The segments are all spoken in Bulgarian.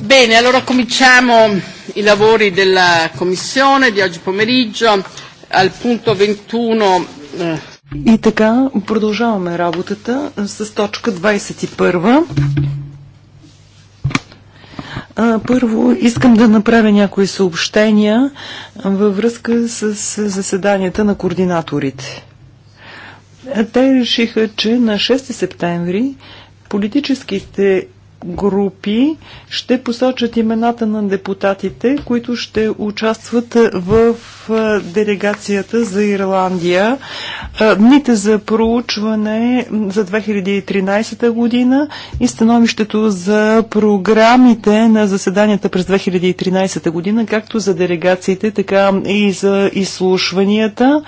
Bene, allora cominciamo i lavori della Commissione di oggi pomeriggio al punto 21. Eh. И така, продължаваме работата с точка 21. Първо искам да направя някои съобщения във връзка с заседанията на координаторите. Те решиха, че на 6 септември политическите групи ще посочат имената на депутатите, които ще участват в делегацията за Ирландия. Дните за проучване за 2013 година и становището за програмите на заседанията през 2013 година, както за делегациите, така и за изслушванията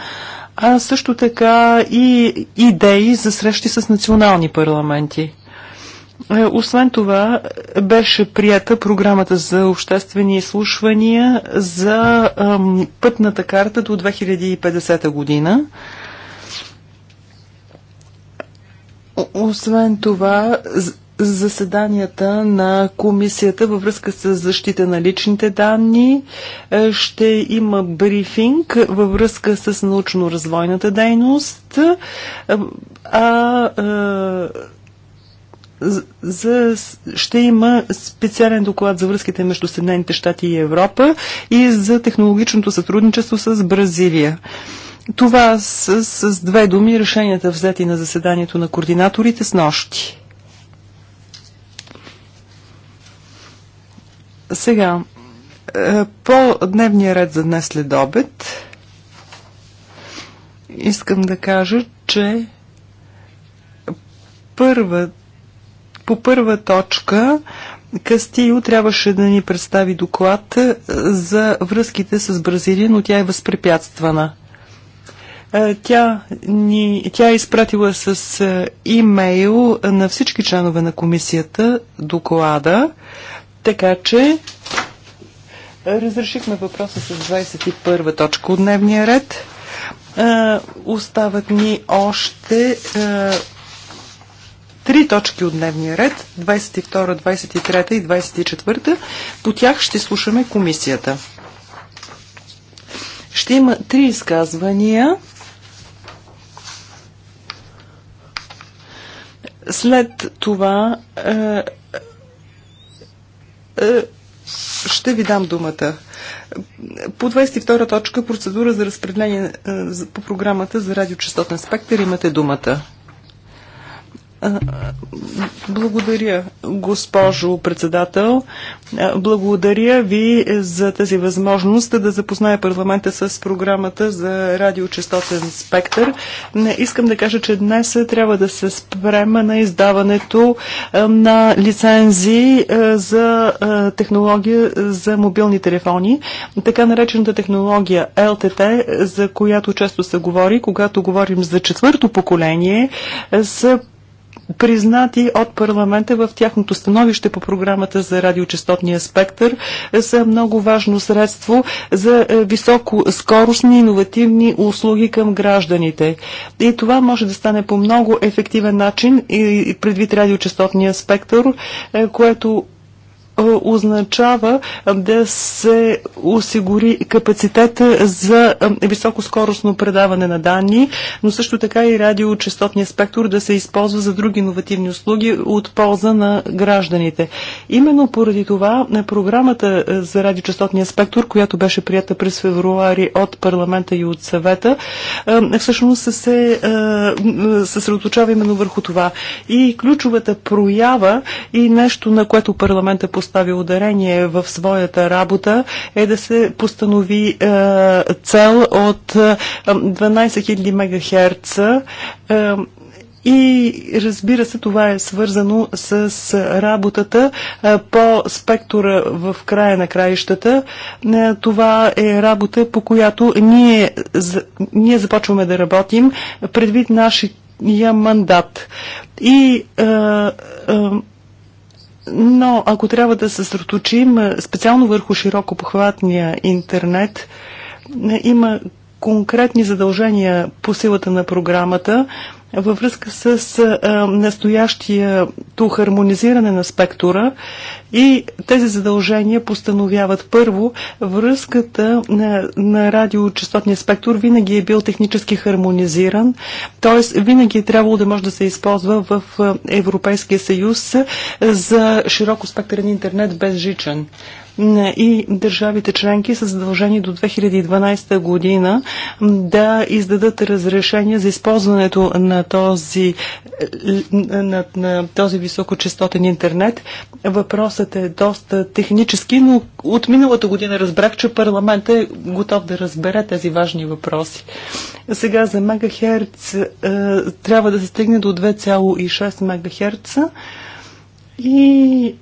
а също така и идеи за срещи с национални парламенти. Е, освен това, беше прията програмата за обществени изслушвания за пътната карта до 2050 година. Освен това, заседанията на комисията във връзка с защита на личните данни. Е, ще има брифинг във връзка с научно-развойната дейност. Е, а, а за, ще има специален доклад за връзките между Съединените щати и Европа и за технологичното сътрудничество с Бразилия. Това с, с две думи решенията взети на заседанието на координаторите с нощи. Сега, е, по дневния ред за днес след обед, искам да кажа, че първата по първа точка Кастио трябваше да ни представи доклад е, за връзките с Бразилия, но тя е възпрепятствана. Е, тя, ни, тя е изпратила с е, имейл на всички членове на комисията доклада, така че разрешихме въпроса с 21 точка от дневния ред. Остават ни още три точки от дневния ред, 22, 23 и 24. По тях ще слушаме комисията. Ще има три изказвания. След това е, е, ще ви дам думата. По 22 точка процедура за разпределение е, по програмата за радиочастотен спектър имате думата. Благодаря, госпожо председател. Благодаря ви за тази възможност да запозная парламента с програмата за радиочастотен спектър. Искам да кажа, че днес трябва да се спрема на издаването на лицензи за технология за мобилни телефони. Така наречената технология LTT, за която често се говори, когато говорим за четвърто поколение, са признати от парламента в тяхното становище по програмата за радиочастотния спектър, е, са много важно средство за е, високоскоростни иновативни услуги към гражданите. И това може да стане по много ефективен начин и предвид радиочастотния спектър, е, което означава да се осигури капацитета за високоскоростно предаване на данни, но също така и радиочастотния спектър да се използва за други иновативни услуги от полза на гражданите. Именно поради това на програмата за радиочастотния спектър, която беше прията през февруари от парламента и от съвета, всъщност се съсредоточава именно върху това. И ключовата проява и нещо, на което парламента по постави ударение в своята работа е да се постанови е, цел от 12 000 МГц. Е, и разбира се, това е свързано с работата е, по спектъра в края на краищата. Е, това е работа, по която ние, ние започваме да работим предвид нашия мандат. И а, е, а, но ако трябва да се съсредоточим специално върху широко похватния интернет, има конкретни задължения по силата на програмата във връзка с а, настоящието хармонизиране на спектъра и тези задължения постановяват първо връзката на, на радиочастотния спектър винаги е бил технически хармонизиран, т.е. винаги е трябвало да може да се използва в Европейския съюз за широко спектърен интернет без жичен и държавите членки са задължени до 2012 година да издадат разрешение за използването на този, е, на, на този високочастотен интернет. Въпросът е доста технически, но от миналата година разбрах, че парламент е готов да разбере тези важни въпроси. Сега за мегахерц е, трябва да се стигне до 2,6 мегахерца и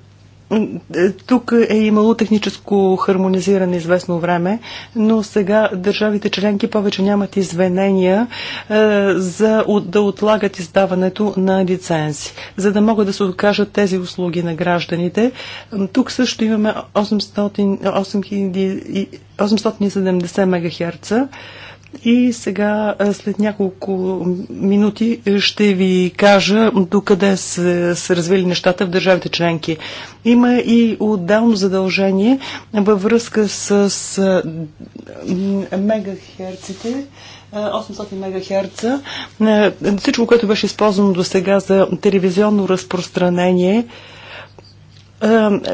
тук е имало техническо хармонизиране известно време, но сега държавите членки повече нямат извинения е, за да отлагат издаването на лицензи, за да могат да се откажат тези услуги на гражданите. Тук също имаме 800, 870 МГц и сега, след няколко минути, е, ще ви кажа докъде са се развили нещата в държавите членки. Има и отделно задължение във връзка с, с мегахерците. 800 мегахерца. Всичко, което беше използвано до сега за телевизионно разпространение,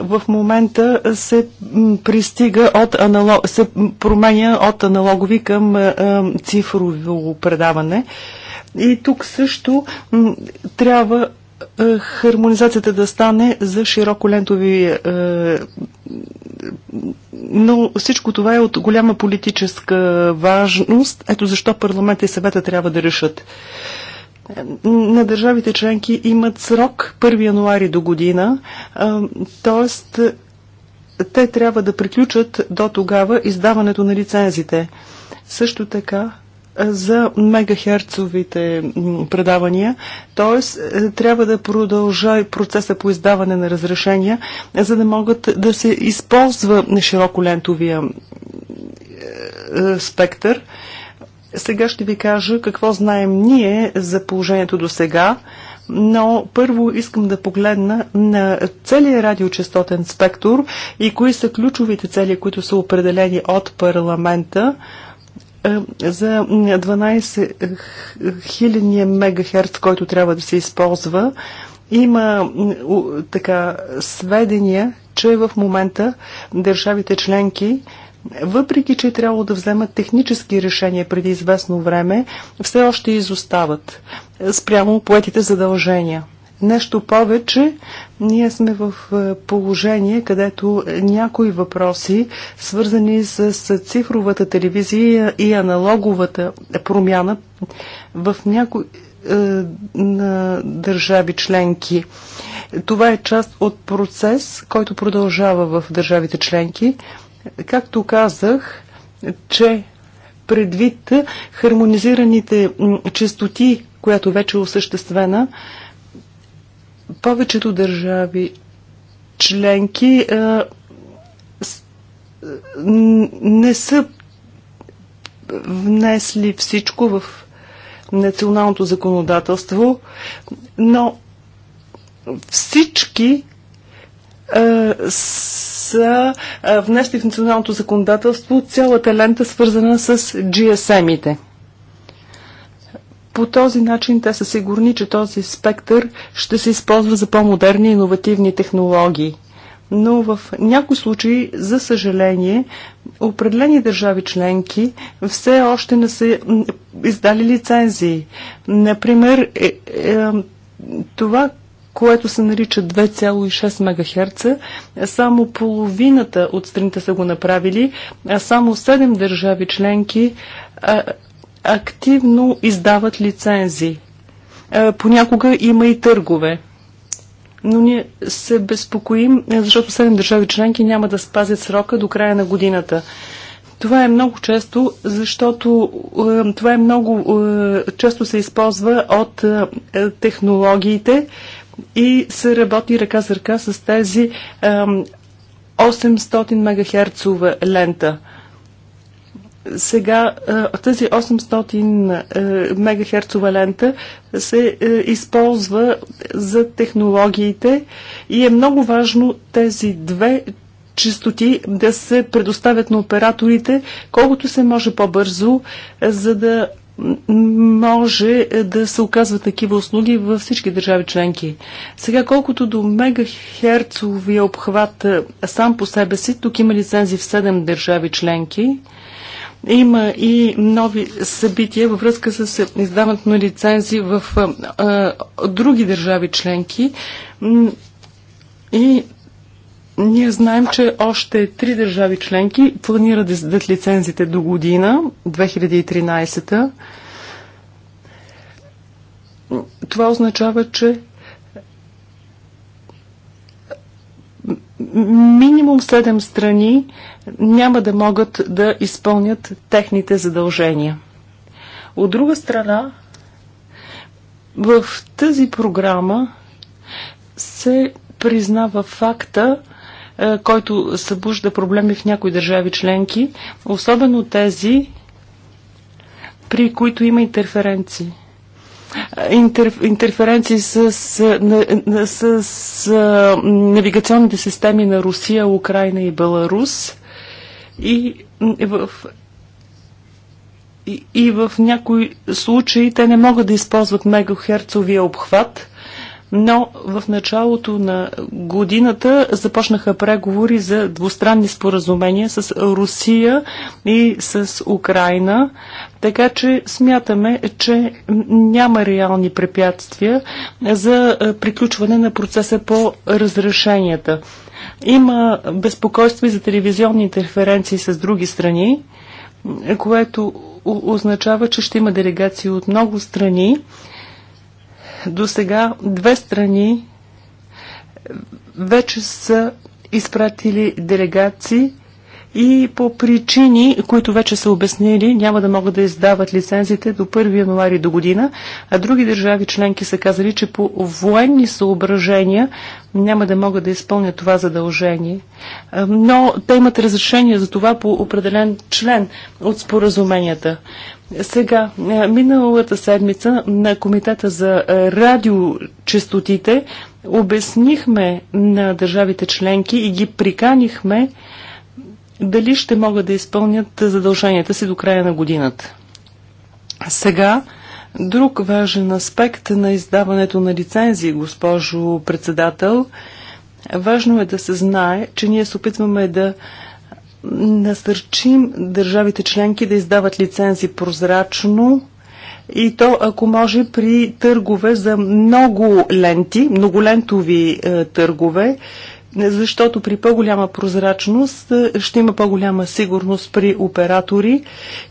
в момента се пристига от аналог, се променя от аналогови към е, цифрово предаване. И тук също трябва е, хармонизацията да стане за широколентови. Е, но всичко това е от голяма политическа важност. Ето защо парламента и съвета трябва да решат на държавите членки имат срок 1 януари до година, т.е. те трябва да приключат до тогава издаването на лицензите. Също така за мегахерцовите предавания, т.е. трябва да продължа процеса по издаване на разрешения, за да могат да се използва широколентовия спектър. спектър сега ще ви кажа какво знаем ние за положението до сега, но първо искам да погледна на целия радиочастотен спектър и кои са ключовите цели, които са определени от парламента е, за 12 хилядния мегахерц, който трябва да се използва. Има така сведения, че в момента държавите членки въпреки че е трябва да вземат технически решения преди известно време, все още изостават спрямо поетите задължения. Нещо повече, ние сме в е, положение, където някои въпроси, свързани с цифровата телевизия и аналоговата промяна в някои е, на държави членки. Това е част от процес, който продължава в държавите членки. Както казах, че предвид хармонизираните частоти, която вече е осъществена, повечето държави членки а, е, с, е, не са внесли всичко в националното законодателство, но всички а, е, с са внесли в националното законодателство цялата лента, свързана с GSM-ите. По този начин те са сигурни, че този спектър ще се използва за по-модерни иновативни технологии. Но в някои случаи, за съжаление, определени държави членки все още не са издали лицензии. Например, е, е, това, което се нарича 2,6 МГц. Само половината от страните са го направили, а само 7 държави членки а, активно издават лицензии. А, понякога има и търгове. Но ние се безпокоим, защото 7 държави членки няма да спазят срока до края на годината. Това е много често, защото е, това е много е, често се използва от е, технологиите, и се работи ръка за ръка с тези 800 МГц лента. Сега тази 800 МГц лента се използва за технологиите и е много важно тези две чистоти да се предоставят на операторите колкото се може по-бързо, за да може да се оказват такива услуги във всички държави членки. Сега, колкото до мегахерцовия обхват сам по себе си, тук има лицензи в 7 държави членки. Има и нови събития във връзка с издаването на лицензи в а, други държави членки. И ние знаем, че още три държави членки планират да издадат лицензите до година, 2013 -та. Това означава, че минимум 7 страни няма да могат да изпълнят техните задължения. От друга страна, в тази програма се признава факта, е, който събужда проблеми в някои държави членки, особено тези, при които има интерференции. Е, Интер, интерференции с, с, с е, навигационните системи на Русия, Украина и Беларус. И в и в някои случаи те не могат да използват мегахерцовия обхват, но в началото на годината започнаха преговори за двустранни споразумения с Русия и с Украина, така че смятаме, че няма реални препятствия за е, приключване на процеса по разрешенията. Има безпокойство и за телевизионни интерференции с други страни, което означава, че ще има делегации от много страни до сега две страни вече са изпратили делегации и по причини, които вече са обяснили, няма да могат да издават лицензите до 1 януари до година, а други държави членки са казали, че по военни съображения няма да могат да изпълнят това задължение. Е, но те имат разрешение за това по определен член от споразуменията. Сега, е, миналата седмица на Комитета за радиочестотите обяснихме на държавите членки и ги приканихме дали ще могат да изпълнят задълженията си до края на годината. Сега, друг важен аспект на издаването на лицензии, госпожо председател, важно е да се знае, че ние се опитваме да насърчим държавите членки да издават лицензи прозрачно и то, ако може, при търгове за много ленти, многолентови е, търгове, защото при по-голяма прозрачност е, ще има по-голяма сигурност при оператори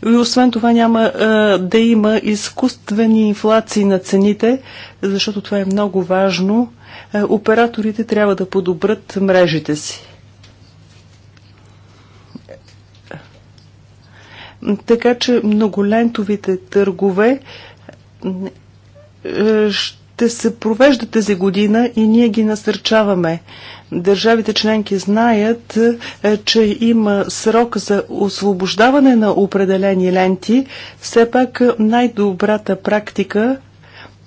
и освен това няма е, да има изкуствени инфлации на цените, защото това е много важно. Е, операторите трябва да подобрат мрежите си. Така че многолентовите търгове е, ще се провеждат тази година и ние ги насърчаваме. Държавите членки знаят, е, че има срок за освобождаване на определени ленти. Все пак най-добрата практика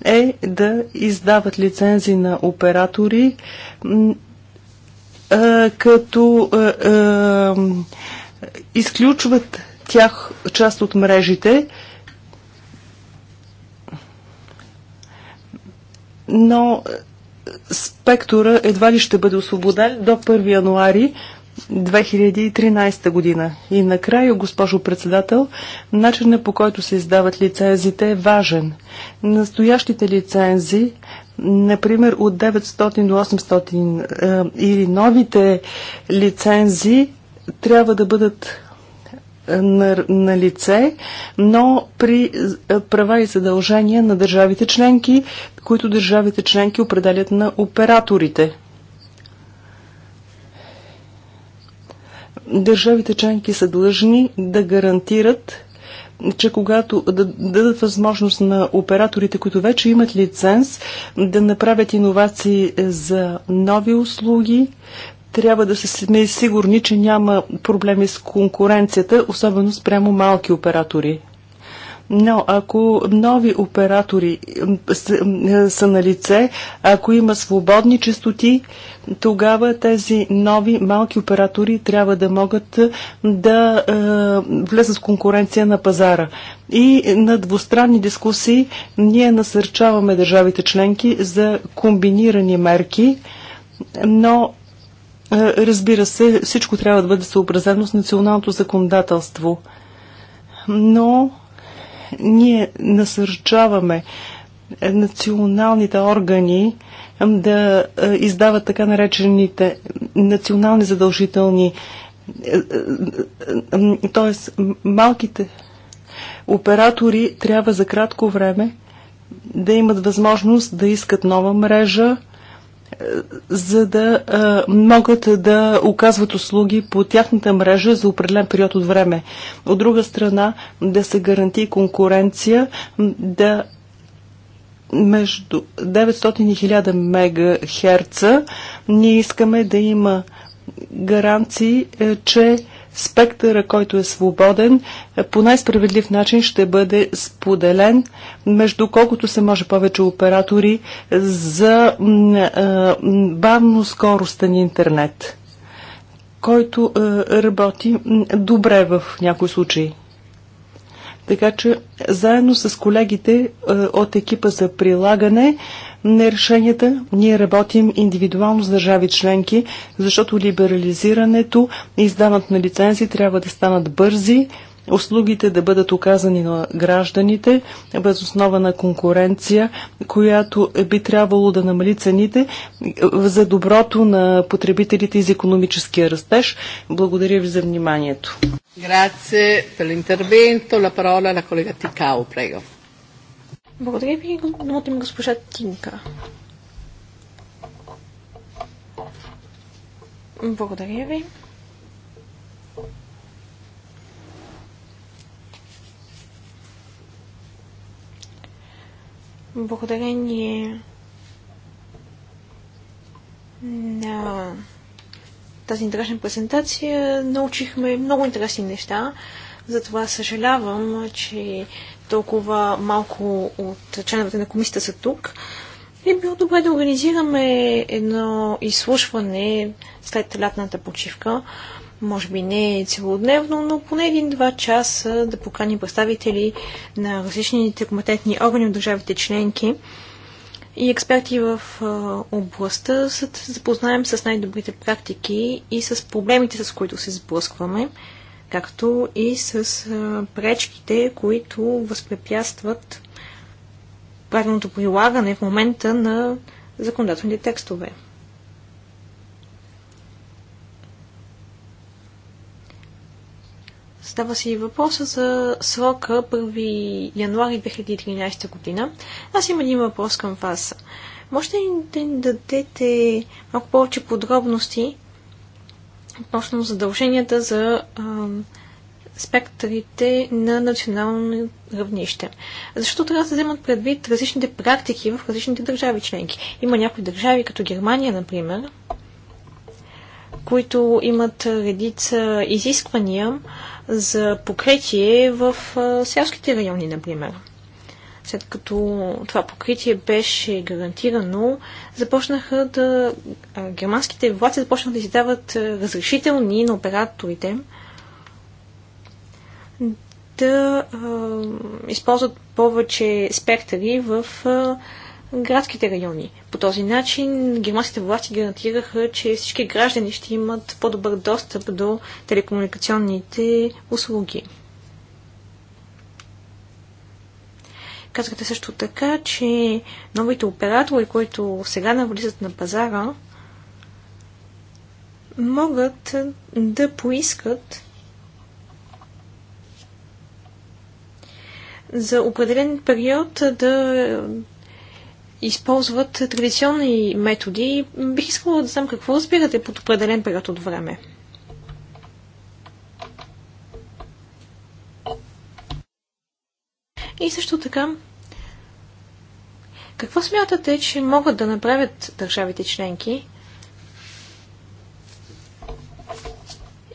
е да издават лицензи на оператори, е, като изключват тях част от мрежите, но е, спектъра едва ли ще бъде освободен до 1 януари 2013 година. И накрая, госпожо председател, начинът по който се издават лицензите е важен. Настоящите лицензи, например от 900 до 800 е, или новите лицензи, трябва да бъдат на, на лице, но при е, права и задължения на държавите членки, които държавите членки определят на операторите. Държавите членки са длъжни да гарантират, че когато да, да дадат възможност на операторите, които вече имат лиценз, да направят иновации за нови услуги, трябва да сме сигурни, че няма проблеми с конкуренцията, особено спрямо малки оператори. Но ако нови оператори са, са на лице, ако има свободни частоти, тогава тези нови малки оператори трябва да могат е, да е, влезат в конкуренция на пазара. И на двустранни дискусии ние насърчаваме държавите членки за комбинирани мерки, но Разбира се, всичко трябва да бъде съобразено с националното законодателство. Но ние насърчаваме националните органи да издават така наречените национални задължителни, т.е. малките оператори трябва за кратко време да имат възможност да искат нова мрежа, за да а, могат да оказват услуги по тяхната мрежа за определен период от време. От друга страна, да се гаранти конкуренция, да между 900 и 1000 мегахерца ние искаме да има гаранции, е, че спектъра, който е свободен, по най-справедлив начин ще бъде споделен между колкото се може повече оператори за бавно скоростен интернет, който работи добре в някои случаи. Така че заедно с колегите от екипа за прилагане на решенията. Ние работим индивидуално с държави членки, защото либерализирането и издаването на лицензии трябва да станат бързи, услугите да бъдат оказани на гражданите без основа на конкуренция, която би трябвало да намали цените за доброто на потребителите и за економическия растеж. Благодаря ви за вниманието. Grazie per l'intervento. La parola alla collega Ticao, prego. Благодаря ви. Думата ми госпожа Тинка. Благодаря ви. Благодарение на тази интересна презентация научихме много интересни неща. Затова съжалявам, че толкова малко от членовете на комисията са тук, е било добре да организираме едно изслушване след лятната почивка. Може би не целодневно, но поне един-два часа да поканим представители на различните компетентни органи от държавите членки и експерти в областта, за да запознаем с най-добрите практики и с проблемите, с които се сблъскваме както и с пречките, които възпрепятстват правилното прилагане в момента на законодателните текстове. Става си въпроса за срока 1 януари 2013 година. Аз имам един въпрос към вас. Можете ли да дадете малко повече подробности точно задълженията за а, спектрите на национално равнище. Защото трябва да се вземат предвид различните практики в различните държави членки. Има някои държави, като Германия, например, които имат редица изисквания за покритие в селските райони, например след като това покритие беше гарантирано, започнаха да. германските власти започнаха да издават разрешителни на операторите да а, използват повече спектъри в а, градските райони. По този начин германските власти гарантираха, че всички граждани ще имат по-добър достъп до телекомуникационните услуги. Казахте също така, че новите оператори, които сега навлизат на пазара, могат да поискат за определен период да използват традиционни методи. Бих искала да знам какво разбирате под определен период от време. И също така, какво смятате, че могат да направят държавите членки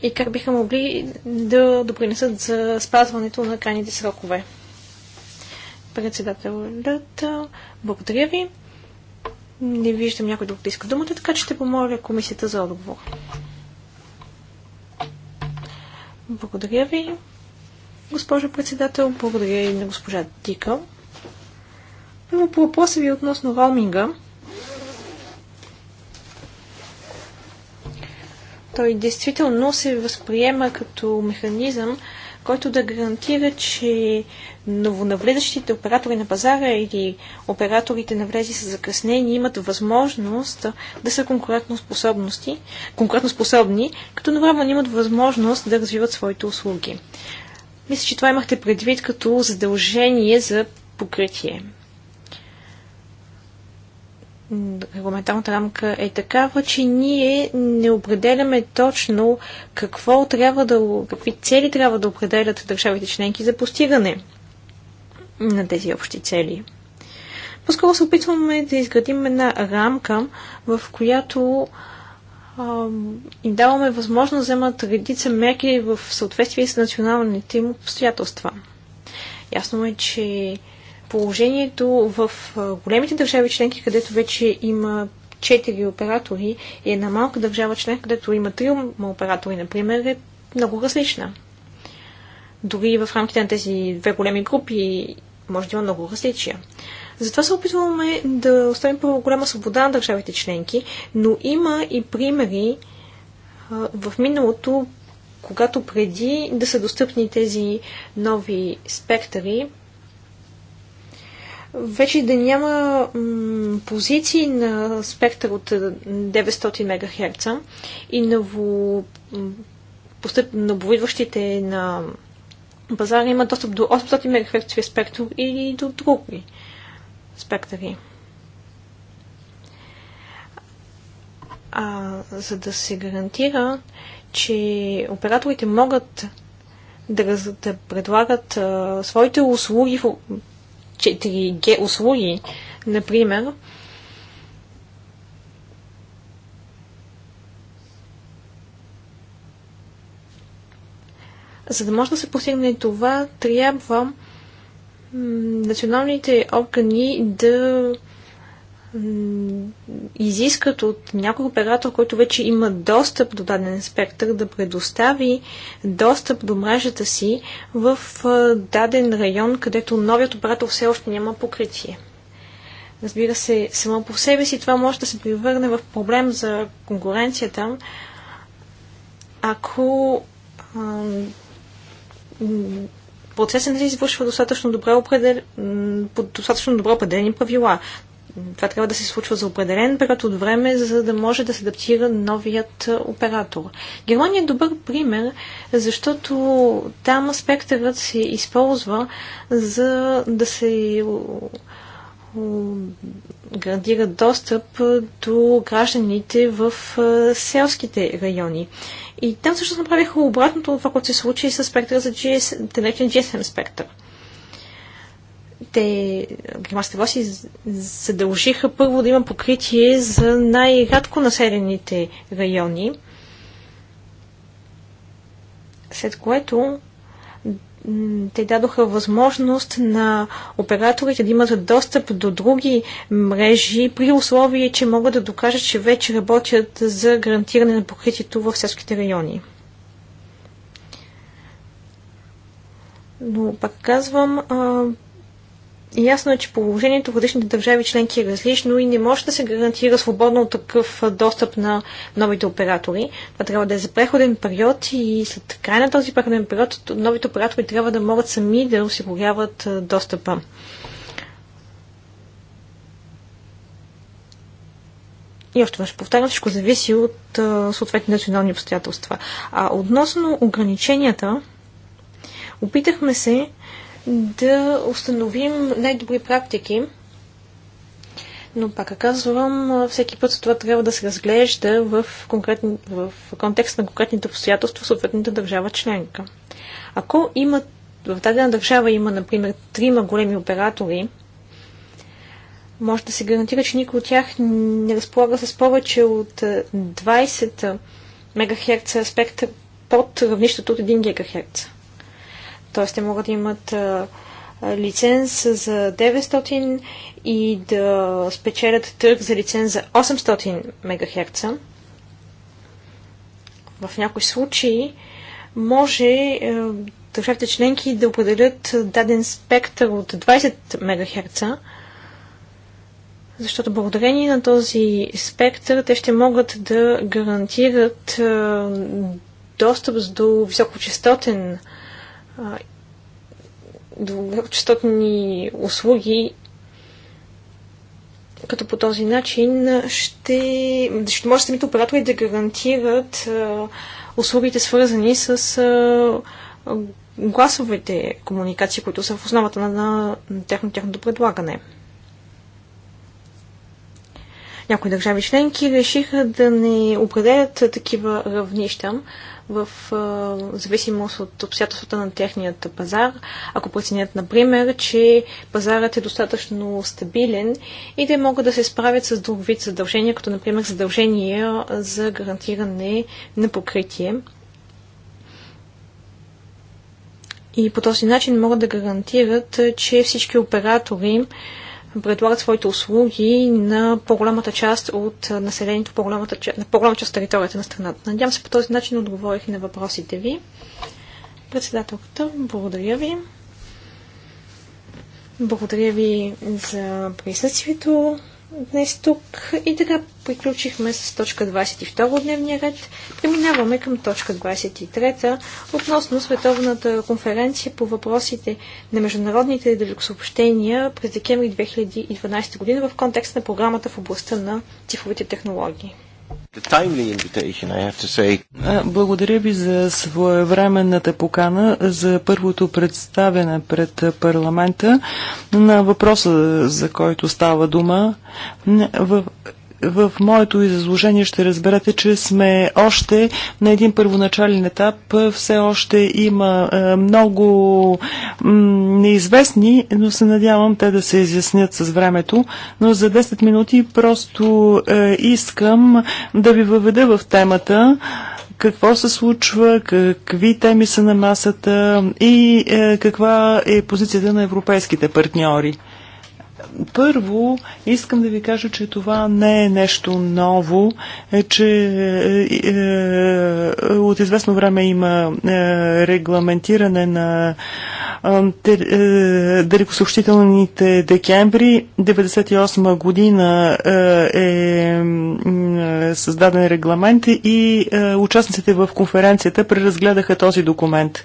и как биха могли да допринесат за спазването на крайните срокове? Председателът. благодаря ви. Не виждам някой друг да иска думата, така че ще помоля комисията за отговор. Благодаря ви. Госпожо председател, благодаря и на госпожа Тика. Първо по въпроса ви относно роуминга. Той действително се възприема като механизъм, който да гарантира, че новонавлизащите оператори на пазара или операторите на влези с закъснение имат възможност да са конкурентоспособни, като навременно имат възможност да развиват своите услуги. Мисля, че това имахте предвид като задължение за покритие. Регламентарната рамка е такава, че ние не определяме точно какво трябва да, какви цели трябва да определят държавите членки за постигане на тези общи цели. По-скоро се опитваме да изградим една рамка, в която им даваме възможност да вземат редица мерки в съответствие с националните им обстоятелства. Ясно е, че положението в големите държави членки, където вече има четири оператори и една малка държава член, където има три оператори, например, е много различна. Дори в рамките на тези две големи групи може да има много различия. Затова се опитваме да оставим по-голяма свобода на държавите членки, но има и примери в миналото, когато преди да са достъпни тези нови спектъри, вече да няма позиции на спектър от 900 МГц и ново, постъп, нововидващите на пазара има достъп до 800 МГц спектър или до други спектъри. А, за да се гарантира, че операторите могат да, раз, да предлагат а, своите услуги, 4G услуги, например, за да може да се постигне това, трябва националните органи да изискат от някой оператор, който вече има достъп до даден спектър, да предостави достъп до мрежата си в даден район, където новият оператор все още няма покритие. Разбира се, само по себе си това може да се превърне в проблем за конкуренцията, ако процесът е, не нали, се извършва достатъчно добре определ... под достатъчно добре определени правила. Това трябва да се случва за определен период от време, за да може да се адаптира новият оператор. Германия е добър пример, защото там спектърът се използва за да се гарантира достъп до гражданите в селските райони. И там също направиха обратното от това, което се случи с спектъра за GSM, GSM спектър. Те, германските власти, задължиха първо да има покритие за най-рядко населените райони, след което те дадоха възможност на операторите да имат достъп до други мрежи при условие, че могат да докажат, че вече работят за гарантиране на покритието в селските райони. Но пак казвам, Ясно е, че положението в различните държави членки е различно и не може да се гарантира свободно от такъв достъп на новите оператори. Това трябва да е за преходен период и след края на този преходен период новите оператори трябва да могат сами да осигуряват достъпа. И още веднъж повтарям, всичко зависи от съответни национални обстоятелства. А относно ограниченията, опитахме се да установим най-добри практики. Но пак казвам, всеки път това трябва да се разглежда в, конкретни, в контекст на конкретните обстоятелства в съответната държава членка. Ако има, в дадена държава има, например, трима големи оператори, може да се гарантира, че никой от тях не разполага с повече от 20 МГц аспекта под равнището от 1 ГГц т.е. те могат да имат лиценз за 900 и да спечелят търг за лиценз за 800 МГц. В някои случаи може държавите членки да определят даден спектър от 20 МГц, защото благодарение на този спектър те ще могат да гарантират достъп до високочастотен дългочастотни услуги, като по този начин ще, ще може самите оператори да гарантират услугите свързани с гласовите комуникации, които са в основата на, на, на тяхно, тяхното предлагане. Някои държави членки решиха да не определят такива равнища, в зависимост от обстоятелствата на техният пазар. Ако преценят, например, че пазарът е достатъчно стабилен и те могат да се справят с друг вид задължения, като например задължения за гарантиране на покритие. И по този начин могат да гарантират, че всички оператори предлагат своите услуги на по-голямата част от населението, по-голямата, на по голямата част от територията на страната. Надявам се по този начин отговорих на въпросите ви. Председателката, благодаря ви. Благодаря ви за присъствието днес тук. И така приключихме с точка 22 от дневния ред. Преминаваме към точка 23 относно Световната конференция по въпросите на международните далекосъобщения през декември 2012 година в контекст на програмата в областта на цифровите технологии. Благодаря ви за своевременната покана за първото представяне пред парламента на въпроса, за който става дума в моето изложение ще разберете, че сме още на един първоначален етап. Все още има е, много неизвестни, но се надявам те да се изяснят с времето. Но за 10 минути просто е, искам да ви въведа в темата какво се случва, какви теми са на масата и е, каква е позицията на европейските партньори. Първо, искам да ви кажа, че това не е нещо ново, е, че е, е, от известно време има е, регламентиране на е, е, далекосъобщителните декември. 1998 година е създаден регламент и участниците в конференцията преразгледаха този документ.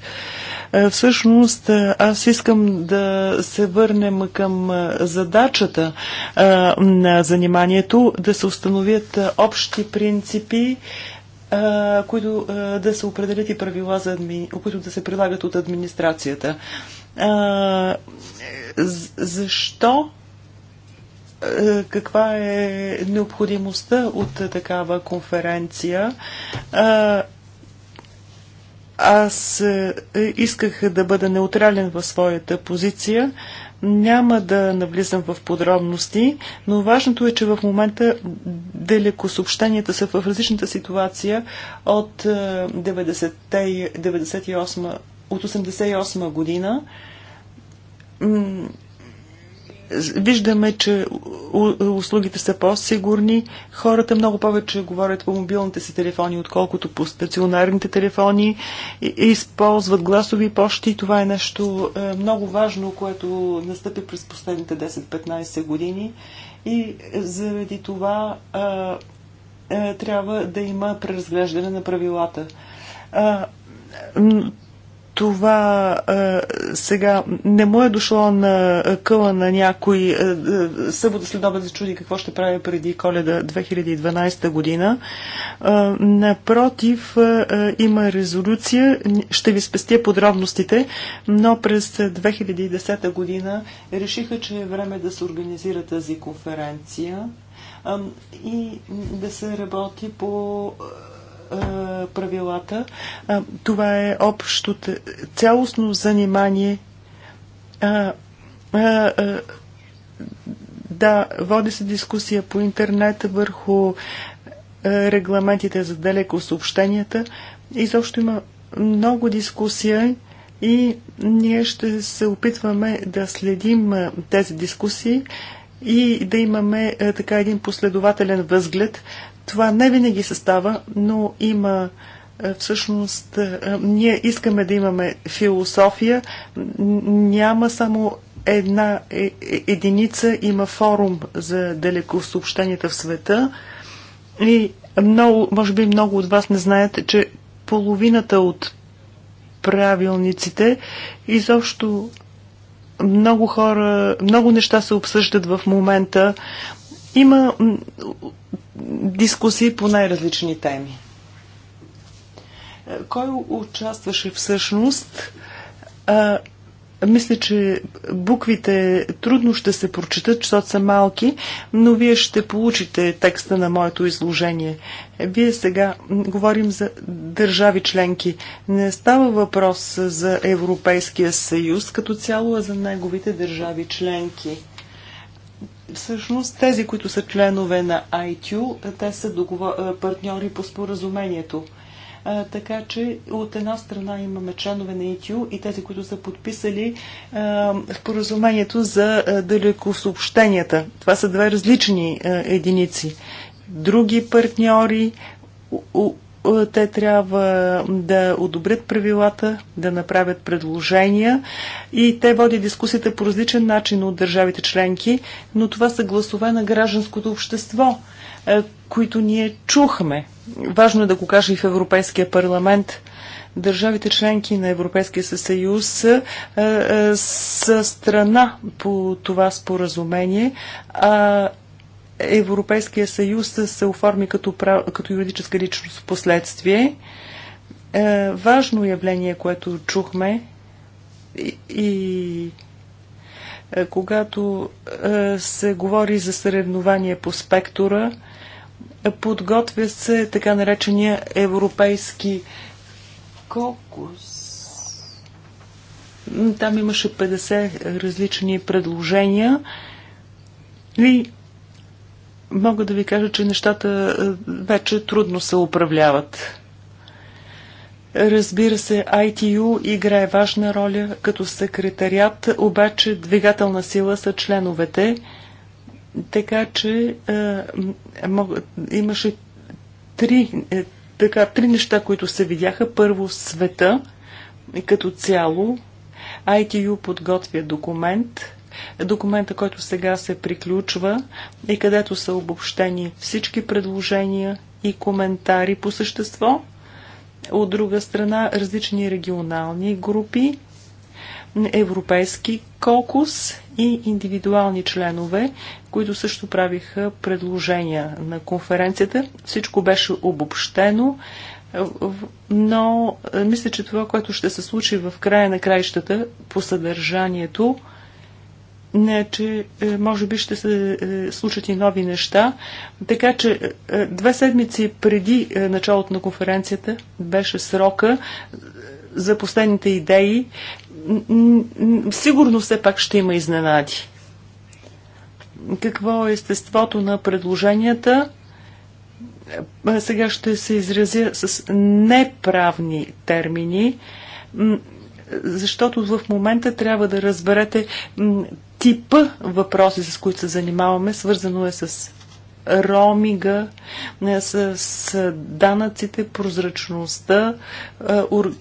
Всъщност, аз искам да се върнем към задачата на заниманието, да се установят общи принципи, които да се определят и правила, за адми... които да се прилагат от администрацията. Защо каква е необходимостта от такава конференция. Аз е, е, исках да бъда неутрален в своята позиция. Няма да навлизам в подробности, но важното е, че в момента далеко съобщенията са в различната ситуация от 98, е, от 88 година Виждаме, че услугите са по-сигурни. Хората много повече говорят по мобилните си телефони, отколкото по стационарните телефони. Използват гласови почти. Това е нещо е, много важно, което настъпи през последните 10-15 години. И заради това е, е, трябва да има преразглеждане на правилата това а, е, сега не му е дошло на къла на някой а, е, е, събота след обед да чуди какво ще прави преди коледа 2012 година. А, напротив, а, има резолюция, ще ви спестя подробностите, но през 2010 година решиха, че е време да се организира тази конференция а, и да се работи по е, правилата. Това е общото цялостно занимание. Да, води се дискусия по интернет върху е, регламентите за далеко съобщенията. Изобщо има много дискусия и ние ще се опитваме да следим е, тези дискусии и да имаме така един последователен възглед, това не винаги се става, но има е, всъщност е, е, ние искаме да имаме философия. Няма само една единица, има форум за далеко съобщенията в света. И много, може би много от вас не знаете, че половината от правилниците изобщо много хора, много неща се обсъждат в момента. Има дискусии по най-различни теми. Кой участваше всъщност? А, мисля, че буквите трудно ще се прочитат, защото са малки, но вие ще получите текста на моето изложение. Вие сега говорим за държави членки. Не става въпрос за Европейския съюз като цяло, а за неговите държави членки. Всъщност тези, които са членове на ITU, те са договор... партньори по споразумението. А, така че от една страна имаме членове на ITU и тези, които са подписали а, споразумението за далекосъобщенията. Това са две различни а, единици. Други партньори, те трябва да одобрят правилата, да направят предложения и те водят дискусията по различен начин от държавите членки, но това са гласове на гражданското общество, е, които ние чухме. Важно е да го кажа и в Европейския парламент. Държавите членки на Европейския съюз е, е, са страна по това споразумение, а Европейския съюз се оформи като, прав... като юридическа личност в последствие. Е, важно явление, което чухме и, и е, когато е, се говори за съревнование по спектъра, подготвя се така наречения европейски кокус. Там имаше 50 различни предложения и мога да ви кажа, че нещата е, вече трудно се управляват. Разбира се, ITU играе важна роля като секретарят, обаче двигателна сила са членовете, така че е, имаше три, е, така, три неща, които се видяха. Първо света като цяло. ITU подготвя документ – документа, който сега се приключва и където са обобщени всички предложения и коментари по същество. От друга страна, различни регионални групи, европейски кокус и индивидуални членове, които също правиха предложения на конференцията. Всичко беше обобщено, но мисля, че това, което ще се случи в края на краищата по съдържанието, не, че е, може би ще се е, случат и нови неща. Така че е, две седмици преди началото на конференцията беше срока за последните идеи. Сигурно все пак ще има изненади. Какво е естеството на предложенията? Сега ще се изразя с неправни термини защото в момента трябва да разберете типа въпроси, с които се занимаваме, свързано е с ромига, е, с, с данъците, прозрачността, е, ур...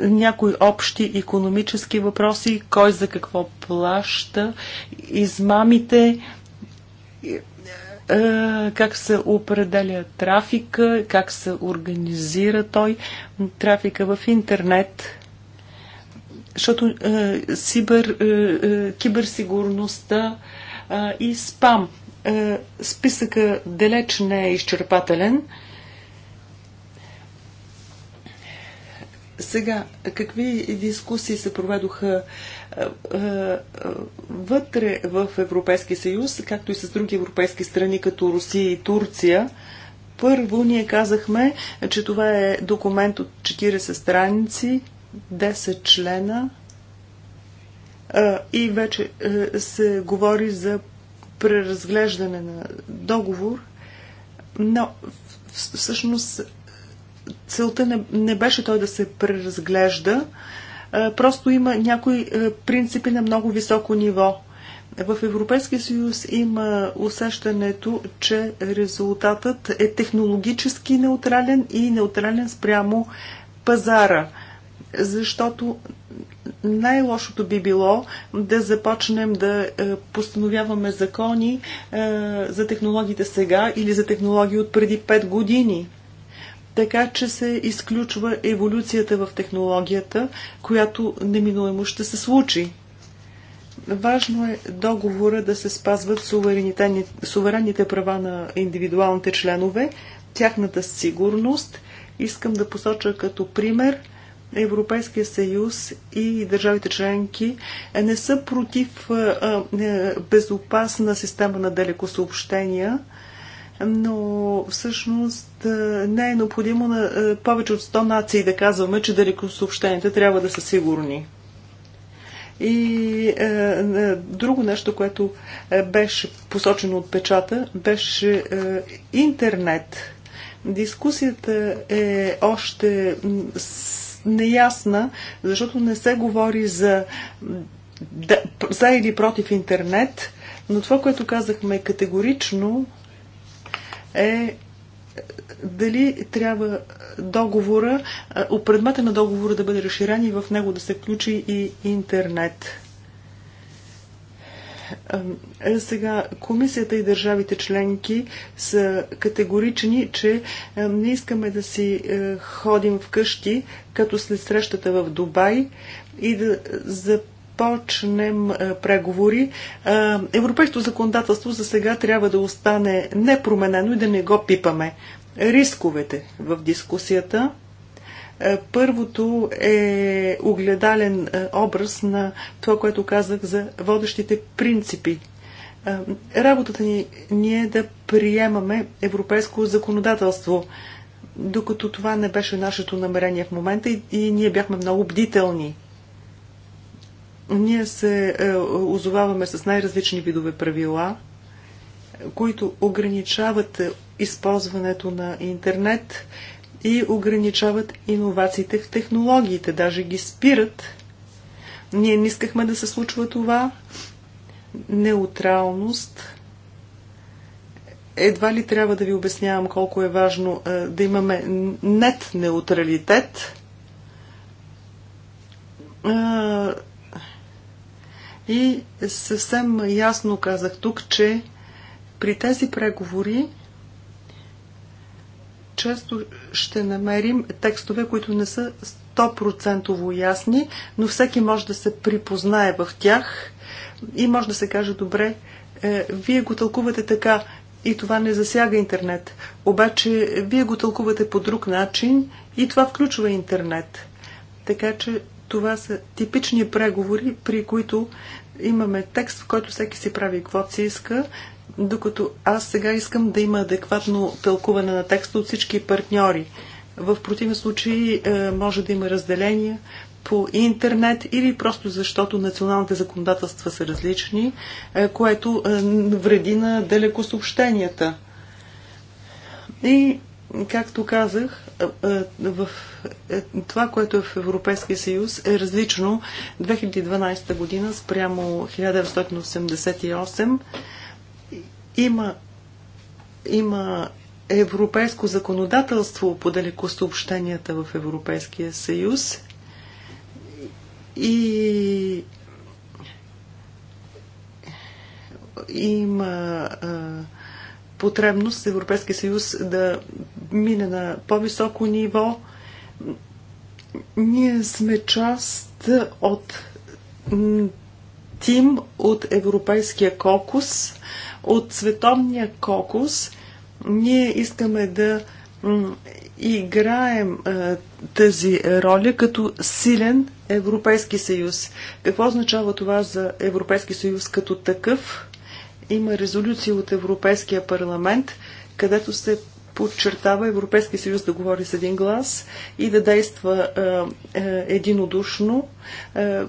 някои общи економически въпроси, кой за какво плаща, измамите, е, как се определя трафика, как се организира той, трафика в интернет – защото е, сибър, е, е, киберсигурността е, и спам. Е, списъка далеч не е изчерпателен. Сега, какви дискусии се проведоха е, е, вътре в Европейски съюз, както и с други европейски страни, като Русия и Турция? Първо ние казахме, че това е документ от 40 страници, 10 члена и вече се говори за преразглеждане на договор, но всъщност целта не, не беше той да се преразглежда, просто има някои принципи на много високо ниво. В Европейския съюз има усещането, че резултатът е технологически неутрален и неутрален спрямо пазара защото най-лошото би било да започнем да е, постановяваме закони е, за технологиите сега или за технологии от преди 5 години. Така че се изключва еволюцията в технологията, която неминуемо ще се случи. Важно е договора да се спазват суверенните права на индивидуалните членове, тяхната сигурност. Искам да посоча като пример – Европейския съюз и държавите членки не са против е, безопасна система на далекосъобщения, но всъщност е, не е необходимо на е, повече от 100 нации да казваме, че далекосъобщенията трябва да са сигурни. И е, е, друго нещо, което е, беше посочено от печата, беше е, интернет. Дискусията е още неясна, защото не се говори за, да, за или против интернет, но това, което казахме категорично е, е дали трябва договора, е, предмета на договора да бъде разширен и в него да се включи и интернет. Е, сега комисията и държавите членки са категорични, че е, не искаме да си е, ходим вкъщи, като след срещата в Дубай и да започнем преговори. Европейското законодателство за сега трябва да остане непроменено и да не го пипаме. Рисковете в дискусията е, първото е огледален е, образ на това, което казах за водещите принципи. Е, работата ни, ни е да приемаме европейско законодателство, докато това не беше нашето намерение в момента и, и ние бяхме много бдителни. Ние се е, озоваваме с най-различни видове правила, които ограничават използването на интернет и ограничават иновациите в технологиите, даже ги спират. Ние не искахме да се случва това. Неутралност. Едва ли трябва да ви обяснявам колко е важно е, да имаме нет неутралитет е, и съвсем ясно казах тук, че при тези преговори често ще намерим текстове, които не са 100% ясни, но всеки може да се припознае в тях и може да се каже, добре, е, вие го тълкувате така и това не засяга интернет. Обаче, вие го тълкувате по друг начин и това включва интернет. Така че това са типични преговори, при които имаме текст, в който всеки си прави каквото си иска докато аз сега искам да има адекватно тълкуване на текста от всички партньори. В противен случай е, може да има разделения по интернет или просто защото националните законодателства са различни, е, което е, вреди на далеко съобщенията. И, както казах, в това, което е в Европейския съюз, е различно 2012 година спрямо 1988 има, има европейско законодателство по далекосъобщенията в Европейския съюз и има а, потребност Европейския съюз да мине на по-високо ниво. Ние сме част от тим от Европейския кокус, от Световния кокус. Ние искаме да играем тази роля като силен Европейски съюз. Какво означава това за Европейски съюз като такъв? Има резолюция от Европейския парламент, където се подчертава Европейския съюз да говори с един глас и да действа е, е, единодушно. Е,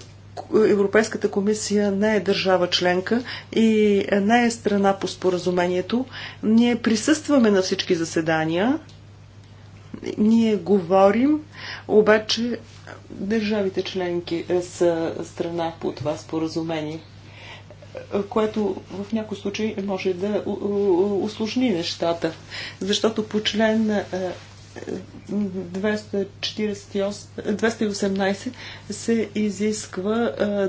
Европейската комисия не е държава членка и не е страна по споразумението. Ние присъстваме на всички заседания, ние говорим, обаче държавите членки са страна по това споразумение, което в някои случаи може да усложни нещата. Защото по член 218 се изисква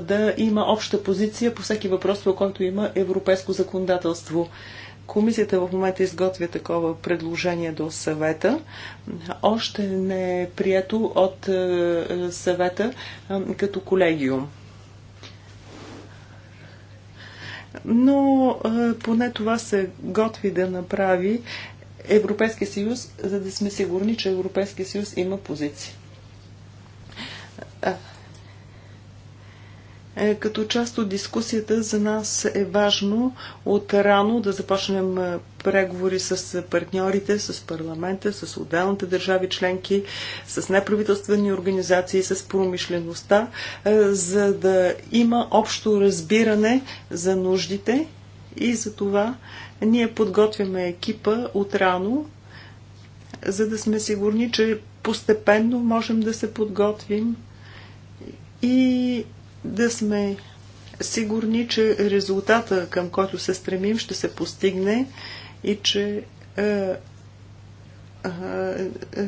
да има обща позиция по всеки въпрос, по който има европейско законодателство. Комисията в момента изготвя такова предложение до съвета. Още не е прието от съвета като колегиум. но поне това се готви да направи Европейския съюз, за да сме сигурни, че Европейския съюз има позиция. Е, като част от дискусията за нас е важно от рано да започнем преговори с партньорите, с парламента, с отделните държави членки, с неправителствени организации, с промишлеността, за да има общо разбиране за нуждите и за това ние подготвяме екипа от рано, за да сме сигурни, че постепенно можем да се подготвим и да сме сигурни, че резултата, към който се стремим, ще се постигне и че е, е,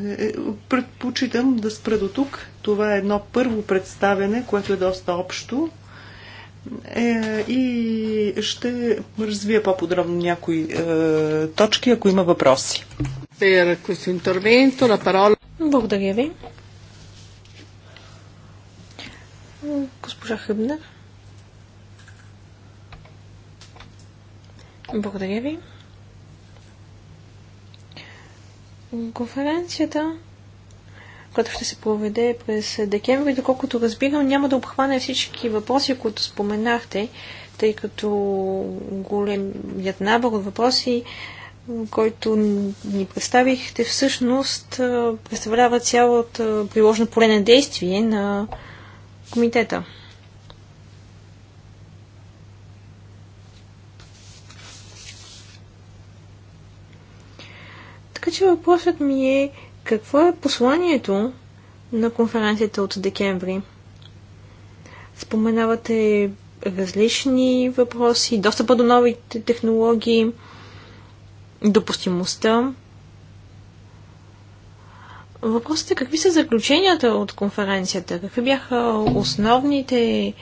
е, предпочитам да спра до тук. Това е едно първо представяне, което е доста общо. Е, и ще развия по-подробно някои е, точки, ако има въпроси. Благодаря ви. Госпожа Хъбнер. Благодаря ви. Конференцията която ще се проведе през декември. Доколкото разбирам, няма да обхване всички въпроси, които споменахте, тъй като големият набор от въпроси, който ни представихте, всъщност представлява цялото приложено поле на действие на комитета. Така че въпросът ми е какво е посланието на конференцията от декември? Споменавате различни въпроси, достъпа до новите технологии, допустимостта. Въпросът е какви са заключенията от конференцията? Какви бяха основните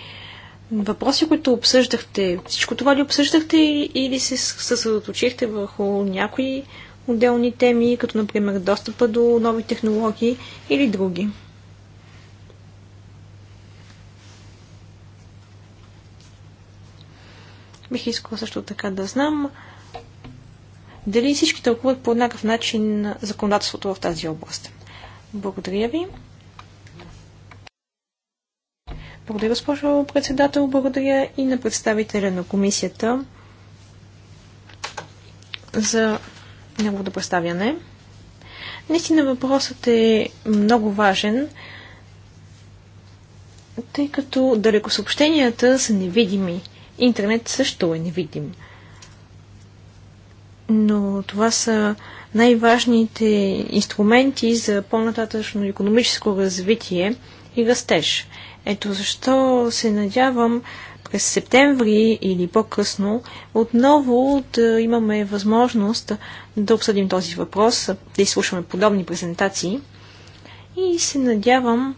въпроси, които обсъждахте? Всичко това ли обсъждахте или се съсредоточихте върху някои отделни теми, като например достъпа до нови технологии или други. Бих искала също така да знам дали всички тълкуват по еднакъв начин законодателството в тази област. Благодаря ви. Благодаря, госпожо председател. Благодаря и на представителя на комисията за неговото представяне. Наистина въпросът е много важен, тъй като далекосъобщенията са невидими. Интернет също е невидим. Но това са най-важните инструменти за по-нататъчно економическо развитие и растеж. Ето защо се надявам, през септември или по-късно отново да имаме възможност да обсъдим този въпрос, да изслушаме подобни презентации и се надявам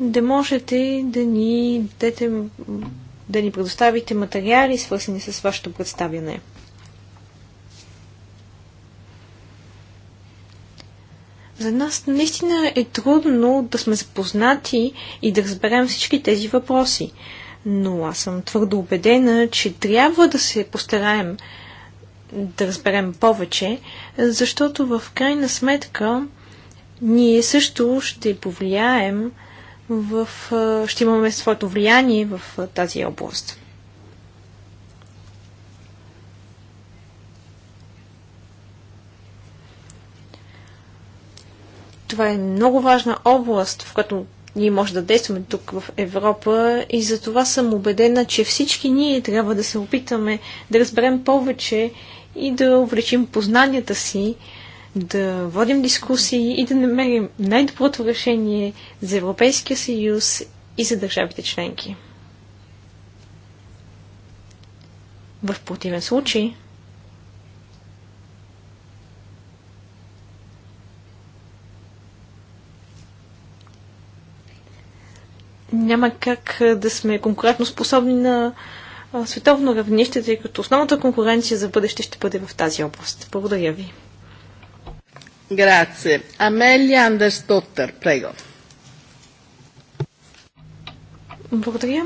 да можете да ни, дадете, да ни предоставите материали, свързани с вашето представяне. За нас наистина е трудно да сме запознати и да разберем всички тези въпроси но аз съм твърдо убедена, че трябва да се постараем да разберем повече, защото в крайна сметка ние също ще повлияем в, ще имаме своето влияние в тази област. Това е много важна област, в която ние може да действаме тук в Европа и за това съм убедена, че всички ние трябва да се опитаме да разберем повече и да увлечим познанията си, да водим дискусии и да намерим най-доброто решение за Европейския съюз и за държавите членки. В противен случай, няма как да сме конкурентно способни на световно равнище, тъй като основната конкуренция за бъдеще ще бъде в тази област. Благодаря ви. Грация. Амелия Андерстоттер, прего. Благодаря.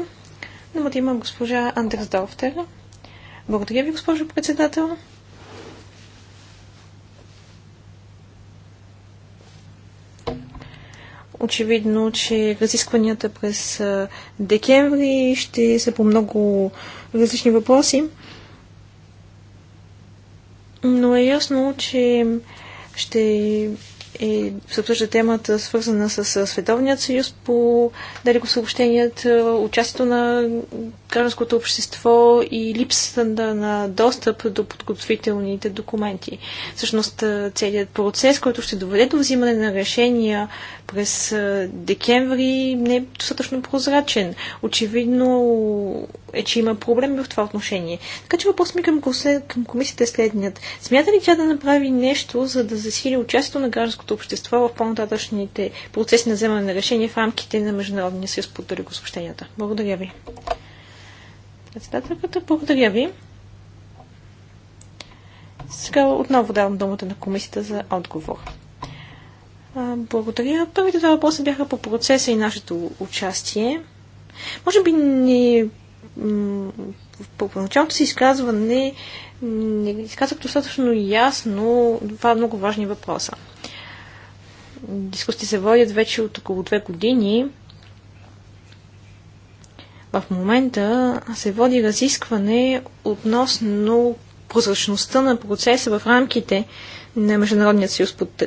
Думата има госпожа Андерсдорфтер. Благодаря ви, госпожо председател. Очевидно, че разискванията през декември ще са по много различни въпроси. Но е ясно, че ще е, се обсъжда темата, свързана с Световният съюз по далекосъобщенията, участието на гражданското общество и липсата на достъп до подготовителните документи. Всъщност целият процес, който ще доведе до взимане на решения през декември, не е достатъчно прозрачен. Очевидно е, че има проблеми в това отношение. Така че въпросът ми към, към комисията е следният. Смята ли тя да направи нещо, за да засили участието на гражданското общество в по-нататъчните процеси на вземане на решения в рамките на Международния съюз по далекосъобщенията? Благодаря ви. Председателката, благодаря ви. Сега отново давам думата на комисията за отговор. Благодаря. Първите два въпроса бяха по процеса и нашето участие. Може би не по началото си изказване не изказах достатъчно ясно два много важни въпроса. Дискусите се водят вече от около две години в момента се води разискване относно прозрачността на процеса в рамките на Международния съюз под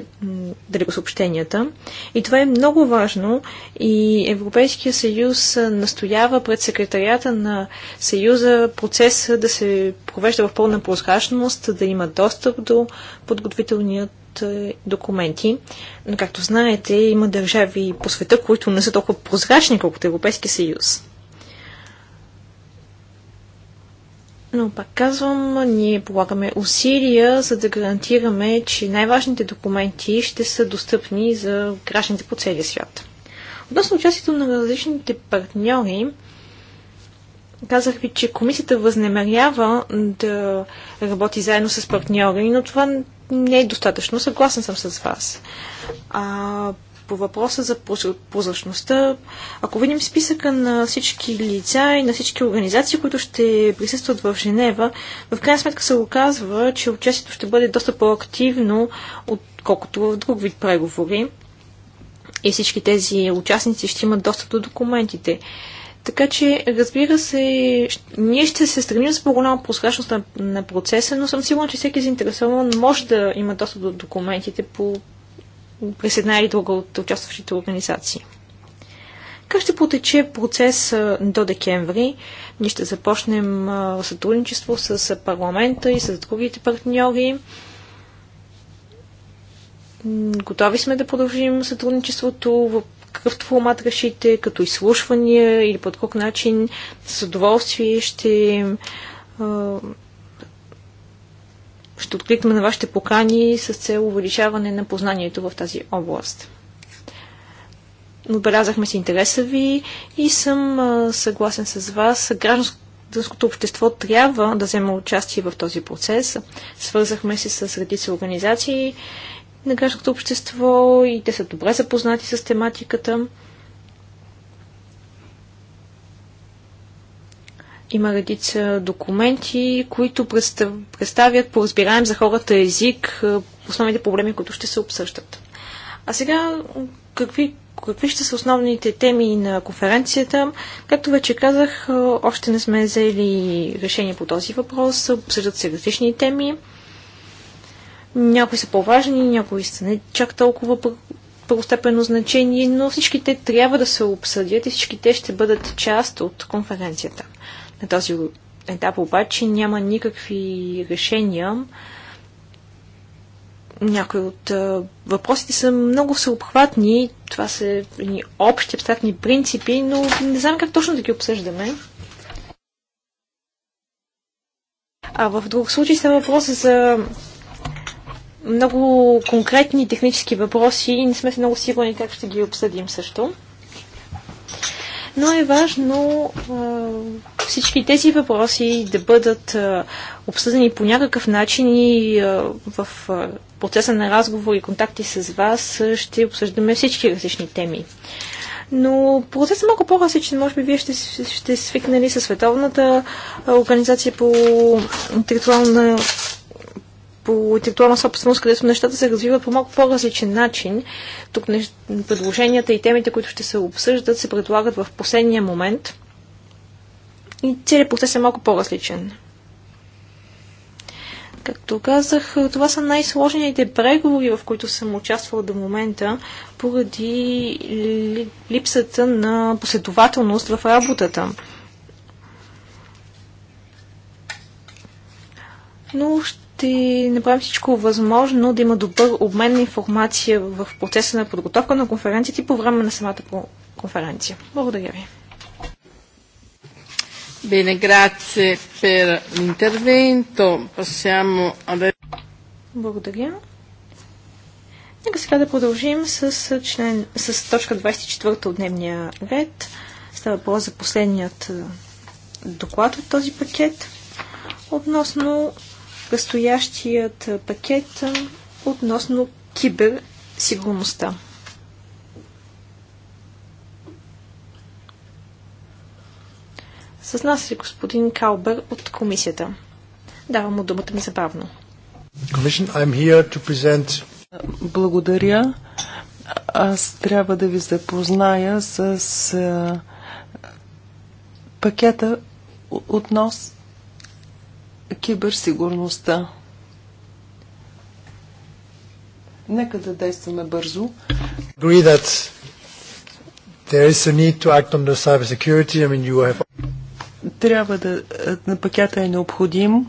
далекосъобщенията. И това е много важно и Европейския съюз настоява пред секретарията на съюза процеса да се провежда в пълна прозрачност, да има достъп до подготвителният е, документи. Но, както знаете, има държави по света, които не са толкова прозрачни, колкото Европейския съюз. Но пак казвам, ние полагаме усилия, за да гарантираме, че най-важните документи ще са достъпни за гражданите по целия свят. Относно участието на различните партньори, казах ви, че комисията възнемерява да работи заедно с партньори, но това не е достатъчно. Съгласен съм с вас. А, по въпроса за прозрачността, ако видим списъка на всички лица и на всички организации, които ще присъстват в Женева, в крайна сметка се оказва, че участието ще бъде доста по-активно, отколкото в друг вид преговори. И всички тези участници ще имат достъп до документите. Така че, разбира се, ние ще се стремим с по-голяма прозрачност на, на процеса, но съм сигурна, че всеки заинтересован може да има достъп до документите по през една или друга от участващите организации. Как ще потече процес до декември? Ние ще започнем сътрудничество с парламента и с другите партньори. Готови сме да продължим сътрудничеството в какъвто формат решите, като изслушвания или по друг начин. С удоволствие ще ще откликнем на вашите покани с цел увеличаване на познанието в тази област. Отбелязахме си интереса ви и съм съгласен с вас. Гражданското общество трябва да вземе участие в този процес. Свързахме се с редица организации на гражданското общество и те са добре запознати с тематиката. Има редица документи, които представят по разбираем за хората език е, основните проблеми, които ще се обсъждат. А сега какви какви ще са основните теми на конференцията. Както вече казах, е, още не сме взели решение по този въпрос. Обсъждат се различни теми. Някои са по-важни, някои са не чак толкова първостепенно значение, но всички те трябва да се обсъдят и всички те ще бъдат част от конференцията. На този етап обаче няма никакви решения. Някои от въпросите са много всеобхватни. Това са общи абстрактни принципи, но не знам как точно да ги обсъждаме. А в друг случай става въпрос за много конкретни технически въпроси и не сме се много сигурни как ще ги обсъдим също. Но е важно всички тези въпроси да бъдат обсъдени по някакъв начин и в процеса на разговор и контакти с вас ще обсъждаме всички различни теми. Но процесът е малко по-различен. Може би вие ще, ще свикнали с Световната организация по интелектуална по интелектуална собственост, където нещата се развиват по малко по-различен начин. Тук предложенията и темите, които ще се обсъждат, се предлагат в последния момент и целият процес е малко по-различен. Както казах, това са най-сложните преговори, в които съм участвала до момента, поради липсата на последователност в работата. Но ще направим всичко възможно да има добър обмен на информация в процеса на подготовка на конференцията и по време на самата конференция. Благодаря ви. Bene, grazie per l'intervento. Passiamo adesso. Благодаря. Нека сега да продължим с, член, с точка 24 от дневния ред. Става въпрос за последният доклад от този пакет относно предстоящият пакет относно киберсигурността. С нас е господин Калбер от комисията. Давам му думата ми забавно. Благодаря. Аз трябва да ви запозная с а, пакета относ киберсигурността. Нека да действаме бързо. There is a need to act on the cyber security. I mean, you have трябва да... Е, на пакета е необходим,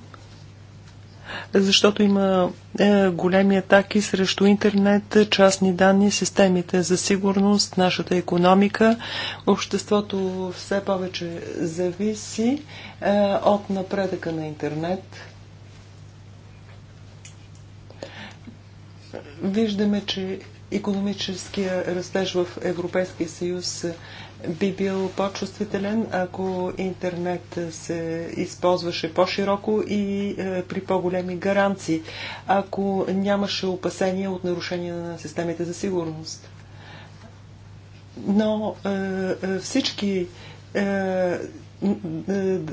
защото има е, големи атаки срещу интернет, частни данни, системите за сигурност, нашата економика. Обществото все повече зависи е, от напредъка на интернет. Виждаме, че економическия растеж в Европейския съюз е би бил по-чувствителен, ако интернет се използваше по-широко и е, при по-големи гаранции, ако нямаше опасения от нарушение на системите за сигурност. Но е, е всички е,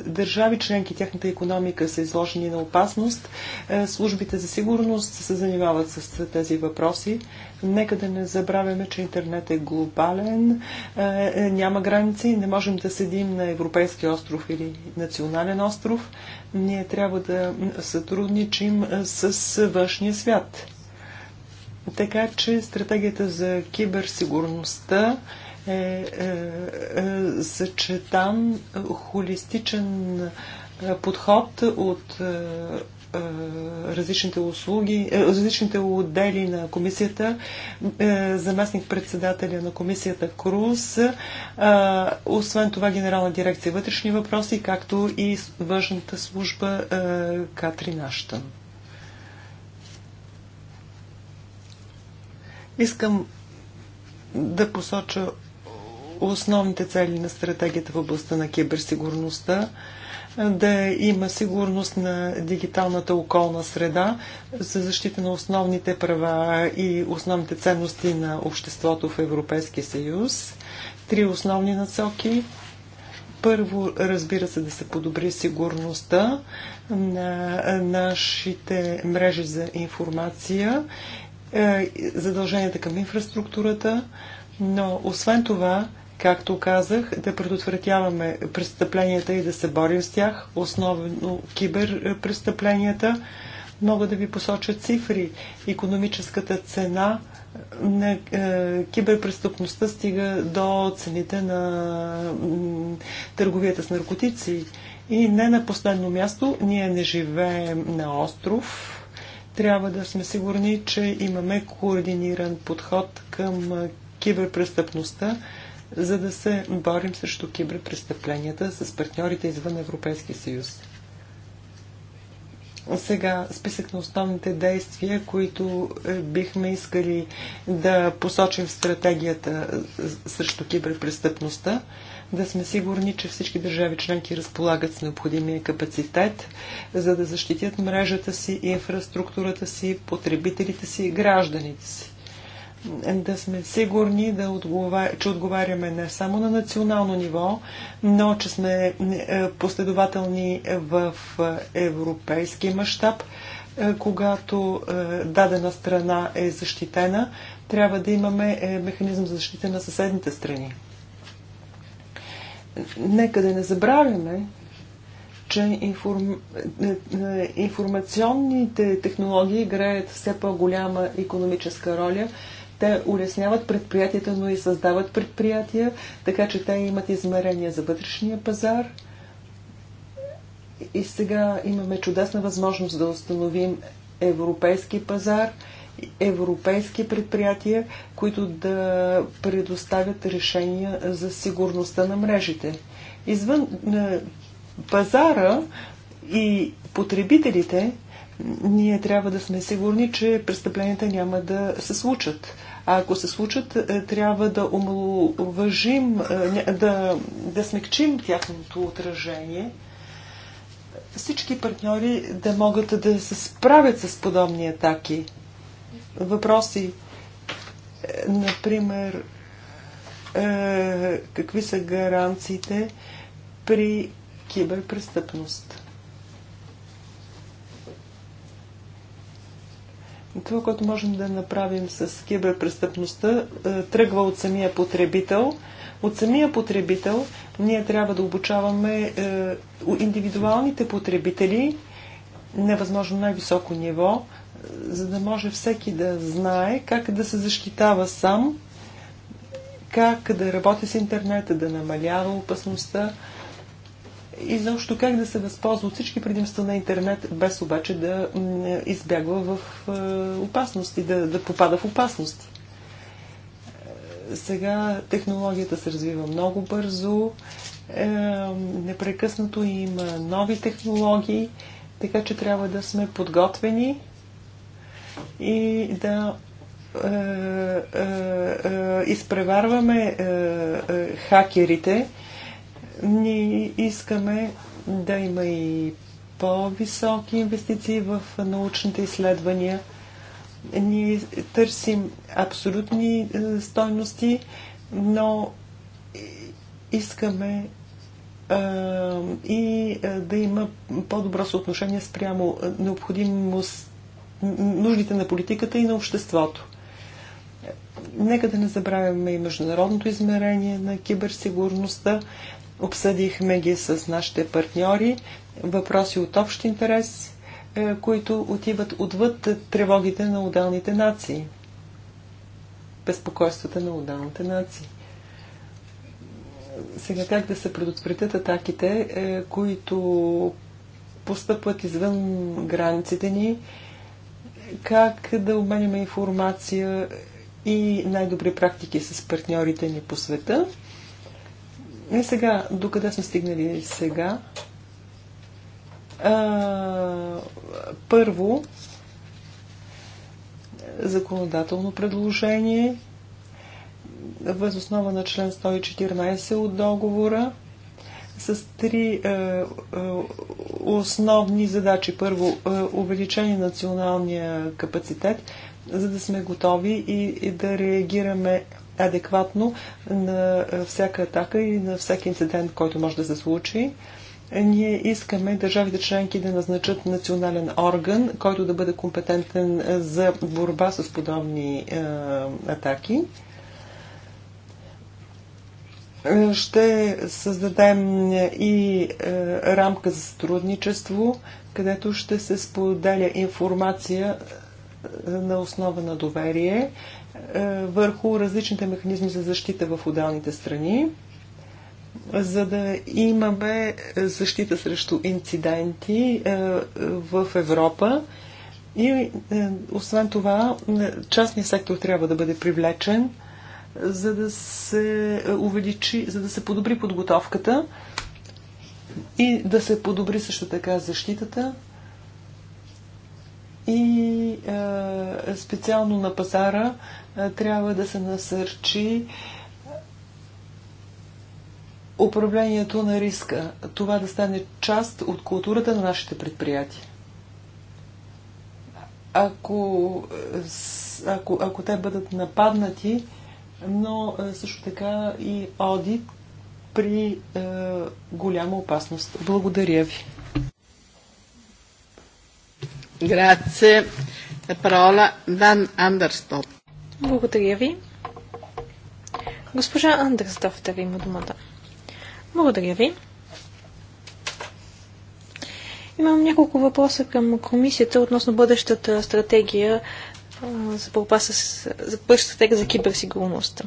държави членки, тяхната економика са изложени на опасност. Е, службите за сигурност се занимават с тези въпроси. Нека да не забравяме, че интернет е глобален, е, е, няма граници, не можем да седим на европейски остров или национален остров. Ние трябва да сътрудничим с външния свят. Така че стратегията за киберсигурността е, е, е съчетан холистичен е, подход от е, различните услуги, различните отдели на комисията, заместник председателя на комисията Круз, освен това генерална дирекция вътрешни въпроси, както и външната служба Катрин Аштън. Искам да посоча основните цели на стратегията в областта на киберсигурността да има сигурност на дигиталната околна среда за защита на основните права и основните ценности на обществото в Европейския съюз. Три основни насоки. Първо, разбира се, да се подобри сигурността на нашите мрежи за информация, е, задълженията към инфраструктурата, но освен това, както казах, да предотвратяваме престъпленията и да се борим с тях, основно киберпрестъпленията. Мога да ви посоча цифри. Економическата цена на е, киберпрестъпността стига до цените на търговията с наркотици. И не на последно място, ние не живеем на остров. Трябва да сме сигурни, че имаме координиран подход към е, киберпрестъпността за да се борим срещу киберпрестъпленията с партньорите извън Европейския съюз. Сега списък на основните действия, които е, бихме искали да посочим в стратегията е, срещу киберпрестъпността, да сме сигурни, че всички държави членки разполагат с необходимия капацитет, за да защитят мрежата си, инфраструктурата си, потребителите си и гражданите си да сме сигурни, да отговар... че отговаряме не само на национално ниво, но че сме е, последователни в е, европейски мащаб. Е, когато дадена страна е защитена, трябва да имаме механизъм за защита на съседните страни. Нека да не забравяме, че информ... информационните технологии играят все по-голяма економическа роля те улесняват предприятията, но и създават предприятия, така че те имат измерения за вътрешния пазар. И сега имаме чудесна възможност да установим европейски пазар, европейски предприятия, които да предоставят решения за сигурността на мрежите. Извън е, пазара и потребителите, ние трябва да сме сигурни, че престъпленията няма да се случат. А ако се случат, е, трябва да омалуважим, е, да, да смекчим тяхното отражение. Всички партньори да могат да се справят с подобни атаки. Въпроси, е, например, какви са гаранциите при киберпрестъпност? Това, което можем да направим с киберпрестъпността, е, тръгва от самия потребител. От самия потребител ние трябва да обучаваме е, индивидуалните потребители на възможно най-високо ниво, е, за да може всеки да знае как да се защитава сам, как да работи с интернета, да намалява опасността, и защо как да се възползва от всички предимства на интернет, без обаче да избягва в е, опасности, да, да попада в опасности. Е, сега технологията се развива много бързо, е, непрекъснато има нови технологии, така че трябва да сме подготвени и да е, е, е, изпреварваме е, е, хакерите, ние искаме да има и по-високи инвестиции в научните изследвания. Ние търсим абсолютни е, стойности, но искаме е, и е, да има по-добро съотношение спрямо необходимост, нуждите на политиката и на обществото. Нека да не забравяме и международното измерение на киберсигурността. Обсъдихме ги с нашите партньори. Въпроси от общ интерес, е, които отиват отвъд тревогите на отделните нации. Безпокойствата на отделните нации. Сега как да се предотвратят атаките, е, които постъпват извън границите ни, как да обменяме информация и най-добри практики с партньорите ни по света. И е, сега, докъде сме стигнали сега? А, първо, законодателно предложение въз основа на член 114 от договора с три е, е, основни задачи. Първо, е, увеличение на националния капацитет, за да сме готови и, и да реагираме адекватно на всяка атака и на всеки инцидент, който може да се случи. Ние искаме държавите членки да назначат национален орган, който да бъде компетентен за борба с подобни е, атаки. Ще създадем и е, рамка за сътрудничество, където ще се споделя информация е, на основа на доверие е, върху различните механизми за защита в отдалните страни, за да имаме защита срещу инциденти е, в Европа. И е, освен това, частният сектор трябва да бъде привлечен, за да се увеличи, за да се подобри подготовката и да се подобри също така защитата и е, специално на пазара е, трябва да се насърчи управлението на риска. Това да стане част от културата на нашите предприятия. Ако, е, ако, ако те бъдат нападнати, но е, също така и одит при е, голяма опасност. Благодаря ви. Грация. Благодаря ви. Госпожа да има думата. Благодаря ви. Имам няколко въпроса към комисията относно бъдещата стратегия за борба с за бъдеща стратегия за киберсигурността.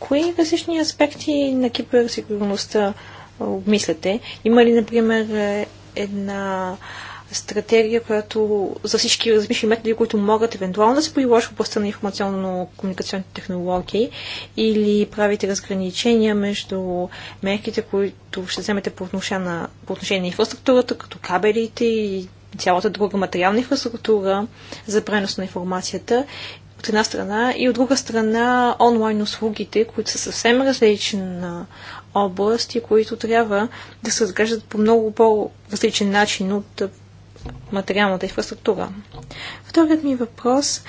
Кои различни аспекти на киберсигурността обмисляте? Има ли, например, е, една стратегия, която за всички различни методи, които могат евентуално да се приложат в областта на информационно-комуникационните технологии или правите разграничения между мерките, които ще вземете по отношение на, по отношение на инфраструктурата, като кабелите и цялата друга материална инфраструктура за пренос на информацията от една страна и от друга страна онлайн услугите, които са съвсем различна области, които трябва да се разглеждат по много по-различен начин от материалната инфраструктура. Вторият ми въпрос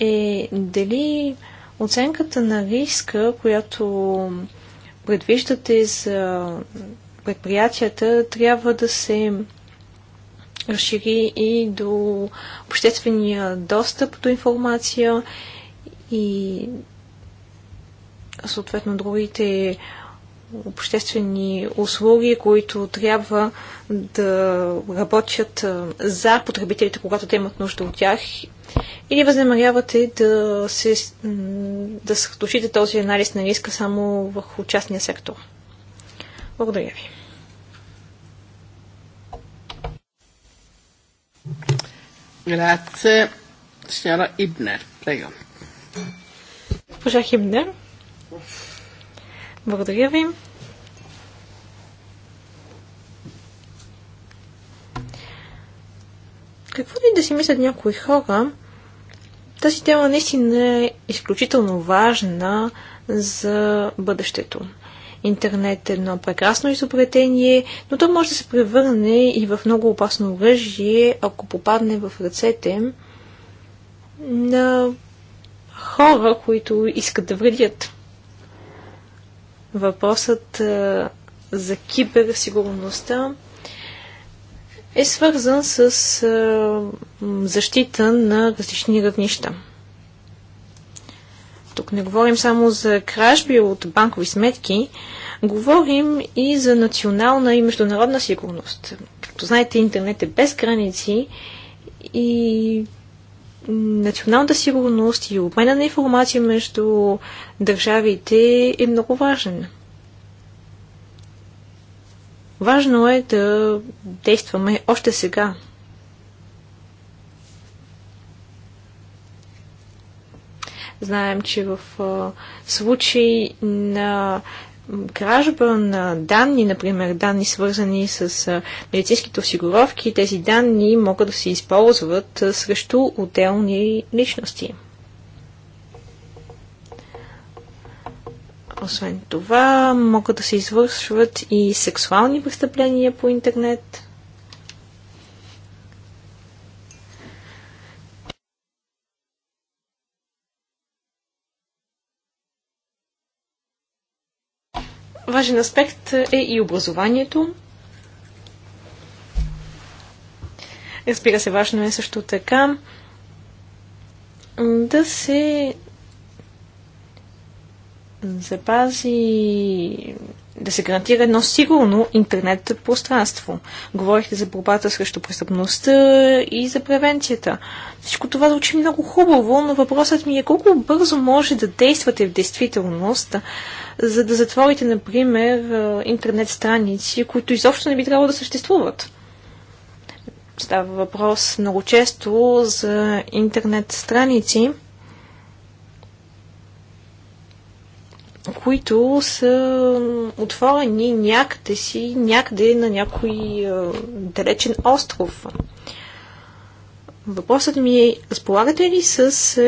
е дали оценката на риска, която предвиждате за предприятията, трябва да се разшири и до обществения достъп до информация и съответно другите обществени услуги, които трябва да работят за потребителите, когато те имат нужда от тях? Или възнамерявате да, се, да съхтушите този анализ на риска само върху частния сектор? Благодаря ви. Grazie. Signora Ibner, prego. Госпожа Хибнер. Благодаря ви. Какво ли да си мислят някои хора, тази тема наистина е изключително важна за бъдещето. Интернет е едно прекрасно изобретение, но то може да се превърне и в много опасно оръжие, ако попадне в ръцете на хора, които искат да вредят. Въпросът за киберсигурността е свързан с защита на различни равнища. Тук не говорим само за кражби от банкови сметки, говорим и за национална и международна сигурност. Както знаете, интернет е без граници и националната сигурност и обмена на информация между държавите е много важен. Важно е да действаме още сега. Знаем, че в случай на кражба на данни, например данни свързани с медицинските осигуровки, тези данни могат да се използват срещу отделни личности. Освен това, могат да се извършват и сексуални престъпления по интернет. важен аспект е и образованието. Разбира се, важно е също така да се запази да се гарантира едно сигурно интернет пространство. Говорихте за борбата срещу престъпността и за превенцията. Всичко това звучи много хубаво, но въпросът ми е колко бързо може да действате в действителност, за да затворите, например, е, интернет страници, които изобщо не би трябвало да съществуват. Става въпрос много често за интернет страници, които са отворени някъде си, някъде на някой далечен остров. Въпросът ми е, разполагате ли с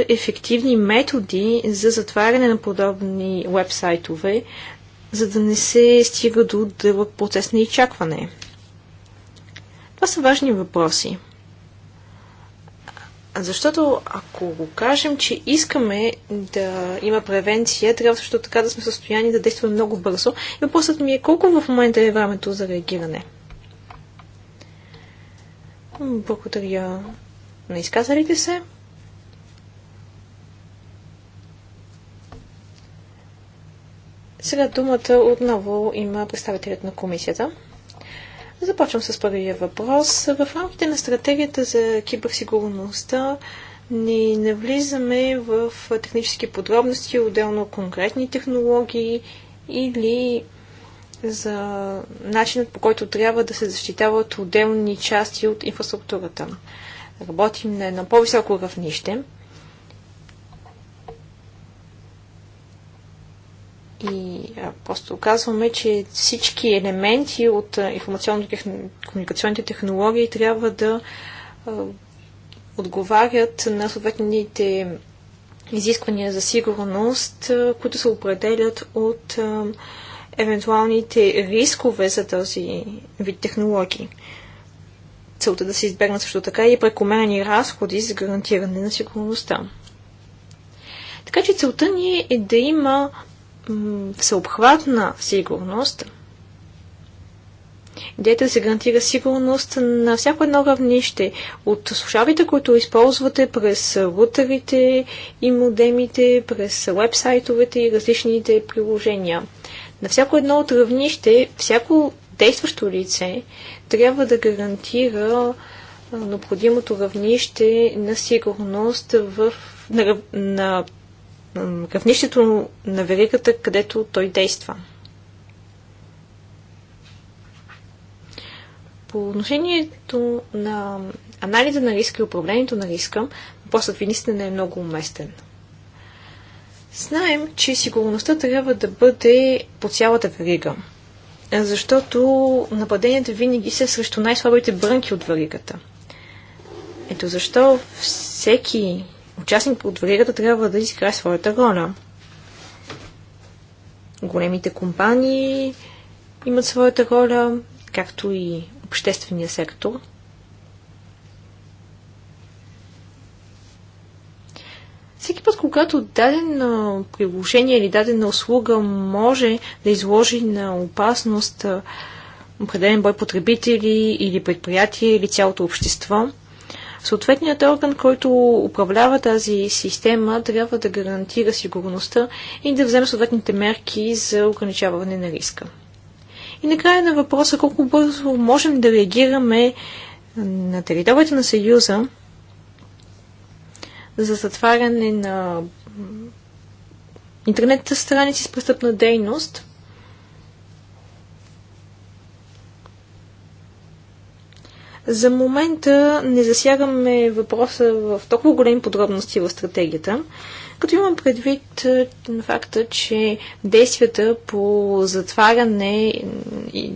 ефективни методи за затваряне на подобни вебсайтове, за да не се стига до дълъг процес на изчакване? Това са важни въпроси. Защото ако го кажем, че искаме да има превенция, трябва също така да сме в състояние да действаме много бързо. И въпросът ми е колко в момента е времето за реагиране. Благодаря на изказалите се. Сега думата отново има представителят на комисията. Започвам с първия въпрос. В рамките на стратегията за киберсигурността не навлизаме в технически подробности, отделно конкретни технологии или за начинът по който трябва да се защитават отделни части от инфраструктурата. Работим на едно по-високо равнище. И а, просто казваме, че всички елементи от информационно-комуникационните технологии трябва да а, отговарят на съответните изисквания за сигурност, а, които се определят от а, евентуалните рискове за този вид технологии. Целта да се избегнат също така и прекомерни разходи за гарантиране на сигурността. Така че целта ни е да има всеобхватна сигурност, идеята да се гарантира сигурност на всяко едно равнище. От слушалите, които използвате през рутерите и модемите, през вебсайтовете и различните приложения. На всяко едно от равнище, всяко действащо лице трябва да гарантира необходимото равнище на сигурност в, на, на равнището на веригата, където той действа. По отношението на анализа на риска и управлението на риска, въпросът ви наистина не е много уместен. Знаем, че сигурността трябва да бъде по цялата верига, защото нападенията винаги са срещу най-слабите брънки от веригата. Ето защо всеки участник от веригата трябва да изиграе своята роля. Големите компании имат своята роля, както и обществения сектор. Всеки път, когато дадено приложение или дадена услуга може да изложи на опасност определен бой потребители или предприятие или цялото общество, Съответният орган, който управлява тази система, трябва да гарантира сигурността и да вземе съответните мерки за ограничаване на риска. И накрая на въпроса колко бързо можем да реагираме на територията на Съюза за затваряне на интернет страници с престъпна дейност – За момента не засягаме въпроса в толкова големи подробности в стратегията, като имам предвид е, на факта, че действията по затваряне и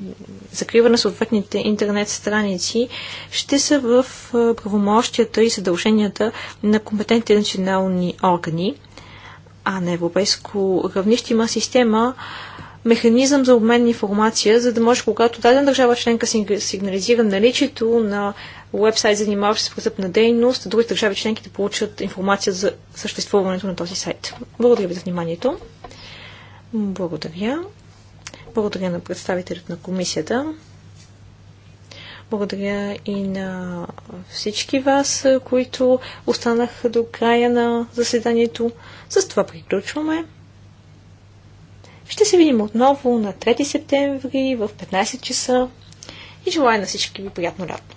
закриване на съответните интернет страници ще са в е, правомощията и задълженията на компетентните национални органи, а на европейско равнище има система, механизъм за обмен на информация, за да може, когато дадена държава членка сигнализира наличието на вебсайт, занимаващ се с престъпна дейност, другите държави членки да получат информация за съществуването на този сайт. Благодаря ви за вниманието. Благодаря. Благодаря на представителят на комисията. Благодаря и на всички вас, които останаха до края на заседанието. С това приключваме. Ще се видим отново на 3 септември в 15 часа и желая на всички ви приятно лято!